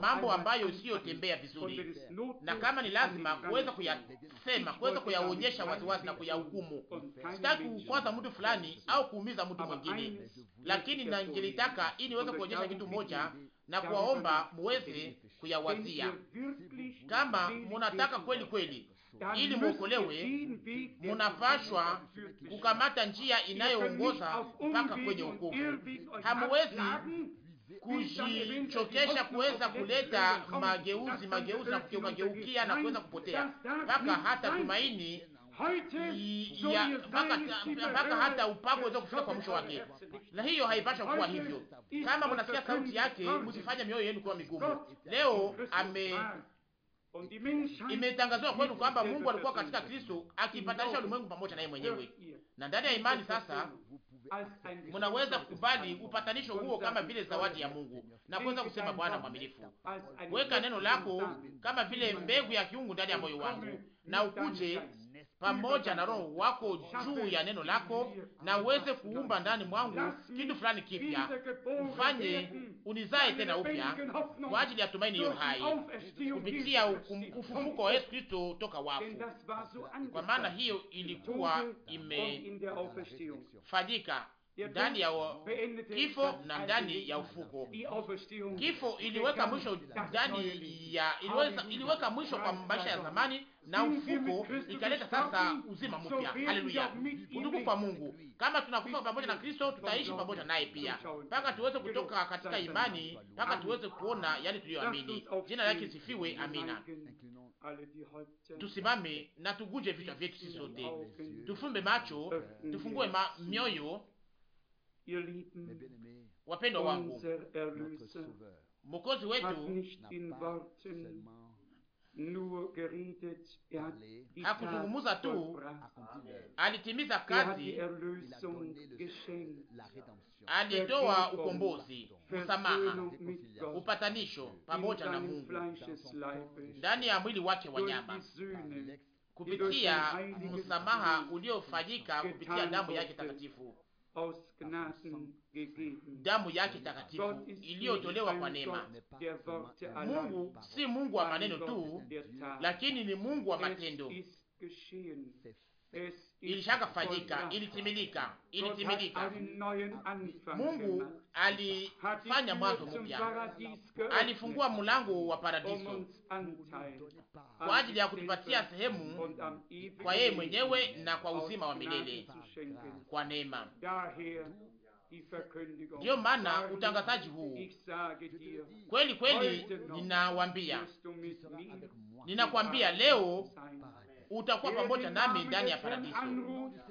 mambo ambayo isiyotembea vizuri, na kama ni lazima kuweza kuyasema, kuweza kuyaonyesha waziwazi na kuyahukumu. Sitaki kukwaza mtu fulani au kuumiza mtu mwingine, lakini nangelitaka ili niweze kuonyesha kitu moja na kuwaomba muweze kuyawazia kama munataka kweli kweli ili yaani yaani mwokolewe, munapashwa kukamata njia inayoongoza mpaka kwenye ukovu. Hamuwezi kujichokesha kuweza kuleta mageuzi mageuzi na kugeukia na kuweza kupotea mpaka hata tumaini mpaka hata upako uweze kufika kwa mwisho wake, na hiyo haipasha kuwa hivyo. Kama munasikia sauti yake, muzifanya mioyo yenu kuwa migumu. Leo ame Imetangazwa kwenu kwamba Mungu alikuwa katika Kristo akipatanisha ulimwengu pamoja naye mwenyewe, na ndani ya imani sasa mnaweza kukubali upatanisho huo kama vile zawadi ya Mungu na kuweza kusema, Bwana mwaminifu, weka neno lako kama vile mbegu ya kiungu ndani ya moyo wangu na ukuje pamoja na Roho wako juu ya neno lako, na uweze kuumba ndani mwangu kitu fulani kipya, ufanye unizae tena upya kwa ajili ya tumaini hiyo hai kupitia ufufuko wa Yesu Kristo toka wafu. Kwa maana hiyo ilikuwa imefanyika ndani ya kifo na ndani ya ufuko. Kifo iliweka mwisho ndani ya iliweka mwisho kwa maisha ya zamani na ufuko ikaleta sasa uzima mpya. Haleluya! Utukufu wa Mungu. Kama tunakufa pamoja na Kristo, tutaishi pamoja naye pia, mpaka tuweze kutoka katika imani, mpaka tuweze kuona yale tuliyoamini. Jina lake sifiwe, amina. Tusimame na tugunje vichwa vyetu sisi sote, tufumbe macho, tufungue ma mioyo. Wapendwa wangu, mokozi wetu hakuzungumuza er tu, alitimiza er kazi, alitoa ukombozi, msamaha, upatanisho pamoja na Mungu ndani ya mwili wake wa nyama ah, kupitia msamaha uliofanyika kupitia damu yake takatifu damu yake takatifu iliyotolewa kwa neema. Mungu si Mungu wa maneno tu, lakini ni Mungu wa matendo. Ilishaka fanyika, ilitimilika, ilitimilika. Mungu alifanya mwanzo mpya, alifungua mlango wa paradiso kwa ajili ya kutupatia sehemu um, kwa yeye mwenyewe na kwa uzima wa milele kwa neema. Ndiyo maana utangazaji huu kweli kweli, ninawambia ninakwambia, leo utakuwa pamoja nami ndani ya paradiso.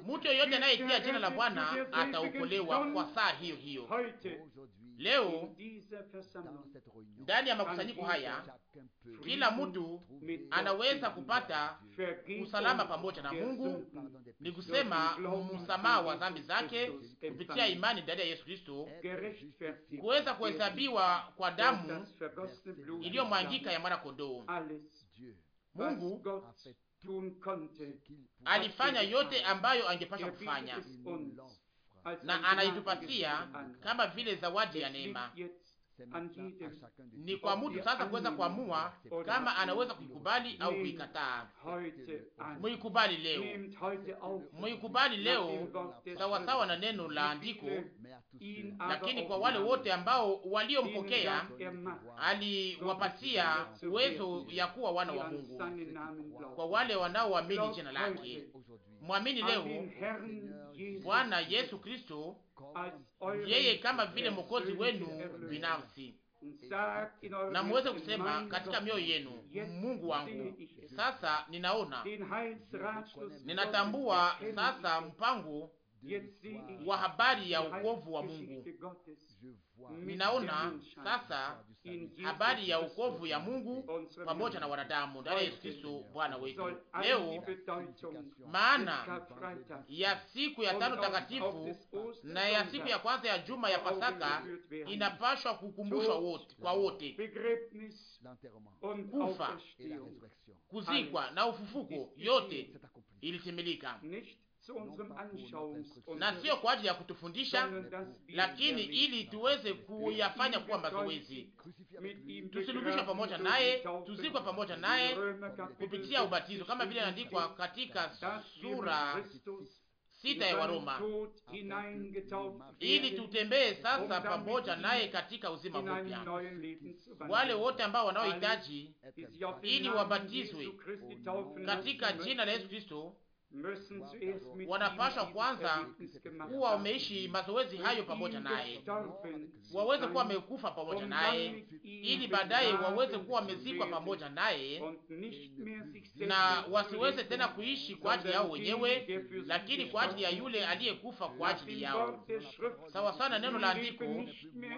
Mtu yoyote anayetia jina la Bwana ataokolewa kwa saa hiyo hiyo. Leo ndani ya makusanyiko haya kila mtu anaweza kupata usalama pamoja na Mungu, ni kusema msamaha wa dhambi zake kupitia imani ndani ya Yesu Kristo, kuweza kuhesabiwa kwa damu iliyomwangika ya mwana kondoo. Mungu alifanya yote ambayo angepasha kufanya na anaitupatia kama vile zawadi ya neema. Ni kwa mtu sasa kuweza kuamua kama anaweza kuikubali au kuikataa. Muikubali leo, muikubali leo sawasawa na neno la andiko. Lakini kwa wale wote ambao waliompokea, er aliwapatia uwezo ya kuwa wana wa Mungu, kwa wale wanaoamini jina lake mwamini leo Bwana Yesu Kristo yeye kama vile mwokozi wenu binafsi, na muweze kusema katika mioyo yenu, Mungu wangu, sasa ninaona, ninatambua sasa mpango wa habari ya ukovu wa Mungu Ninaona sasa habari ya ukovu ya Mungu pamoja na wanadamu ndani ya Yesu Kristo Bwana wetu. Leo maana ya siku ya tano takatifu na ya siku ya kwanza ya juma ya Pasaka inapashwa kukumbushwa wote kwa wote, kufa, kuzikwa na ufufuko, yote ilitimilika na sio kwa ajili ya kutufundisha, lakini ili tuweze kuyafanya kuwa mazoezi. Tusulubishwa pamoja naye, tuzikwa pamoja naye kupitia ubatizo, kama vile inaandikwa katika sura sita ya Waroma, ili tutembee sasa pamoja naye katika uzima mpya. Wale wote ambao wanaohitaji ili wabatizwe oh, katika jina la Yesu Kristo wanapasha kwanza kuwa wameishi mazoezi hayo pamoja naye, waweze kuwa wamekufa pamoja naye, ili baadaye waweze kuwa wamezikwa pamoja naye, na wasiweze tena kuishi kwa ajili yao wenyewe, lakini kwa ajili ya yule aliyekufa kwa ajili yao, sawa sana neno la andiko,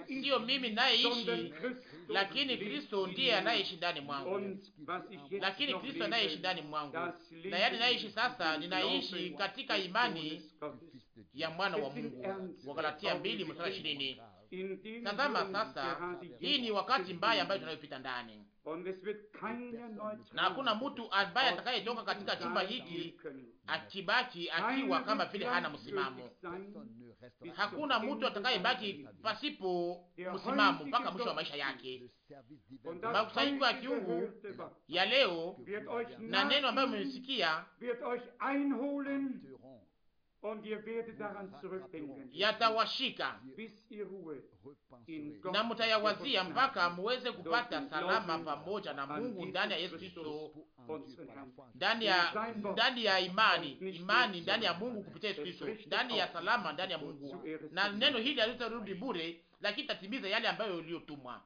siyo mimi nayeishi, lakini Kristo ndiye anayeishi ndani mwangu, lakini Kristo anayeishi ndani mwangu, na yani nayeishi sasa ninaishi katika imani ya mwana wa Mungu. Wagalatia galatia mstari Tazama sasa, hii ni wakati mbaya ambayo tunayopita ndani na hakuna mtu ambaye atakayetoka katika chumba hiki akibaki akiwa kama vile hana msimamo. Hakuna mtu atakayebaki pasipo msimamo mpaka mwisho wa maisha yake. Makusanyiko ya kiungu ya leo na neno ambayo mmesikia yatawashika na mutayawazia mpaka muweze kupata salama pamoja na Mungu ndani ya Yesu Kristo, ndani ya ndani ya imani, imani ndani ya Mungu kupitia Yesu Kristo, ndani ya salama ndani ya Mungu. Na neno hili halitarudi bure, lakini tatimiza yale ambayo iliyotumwa.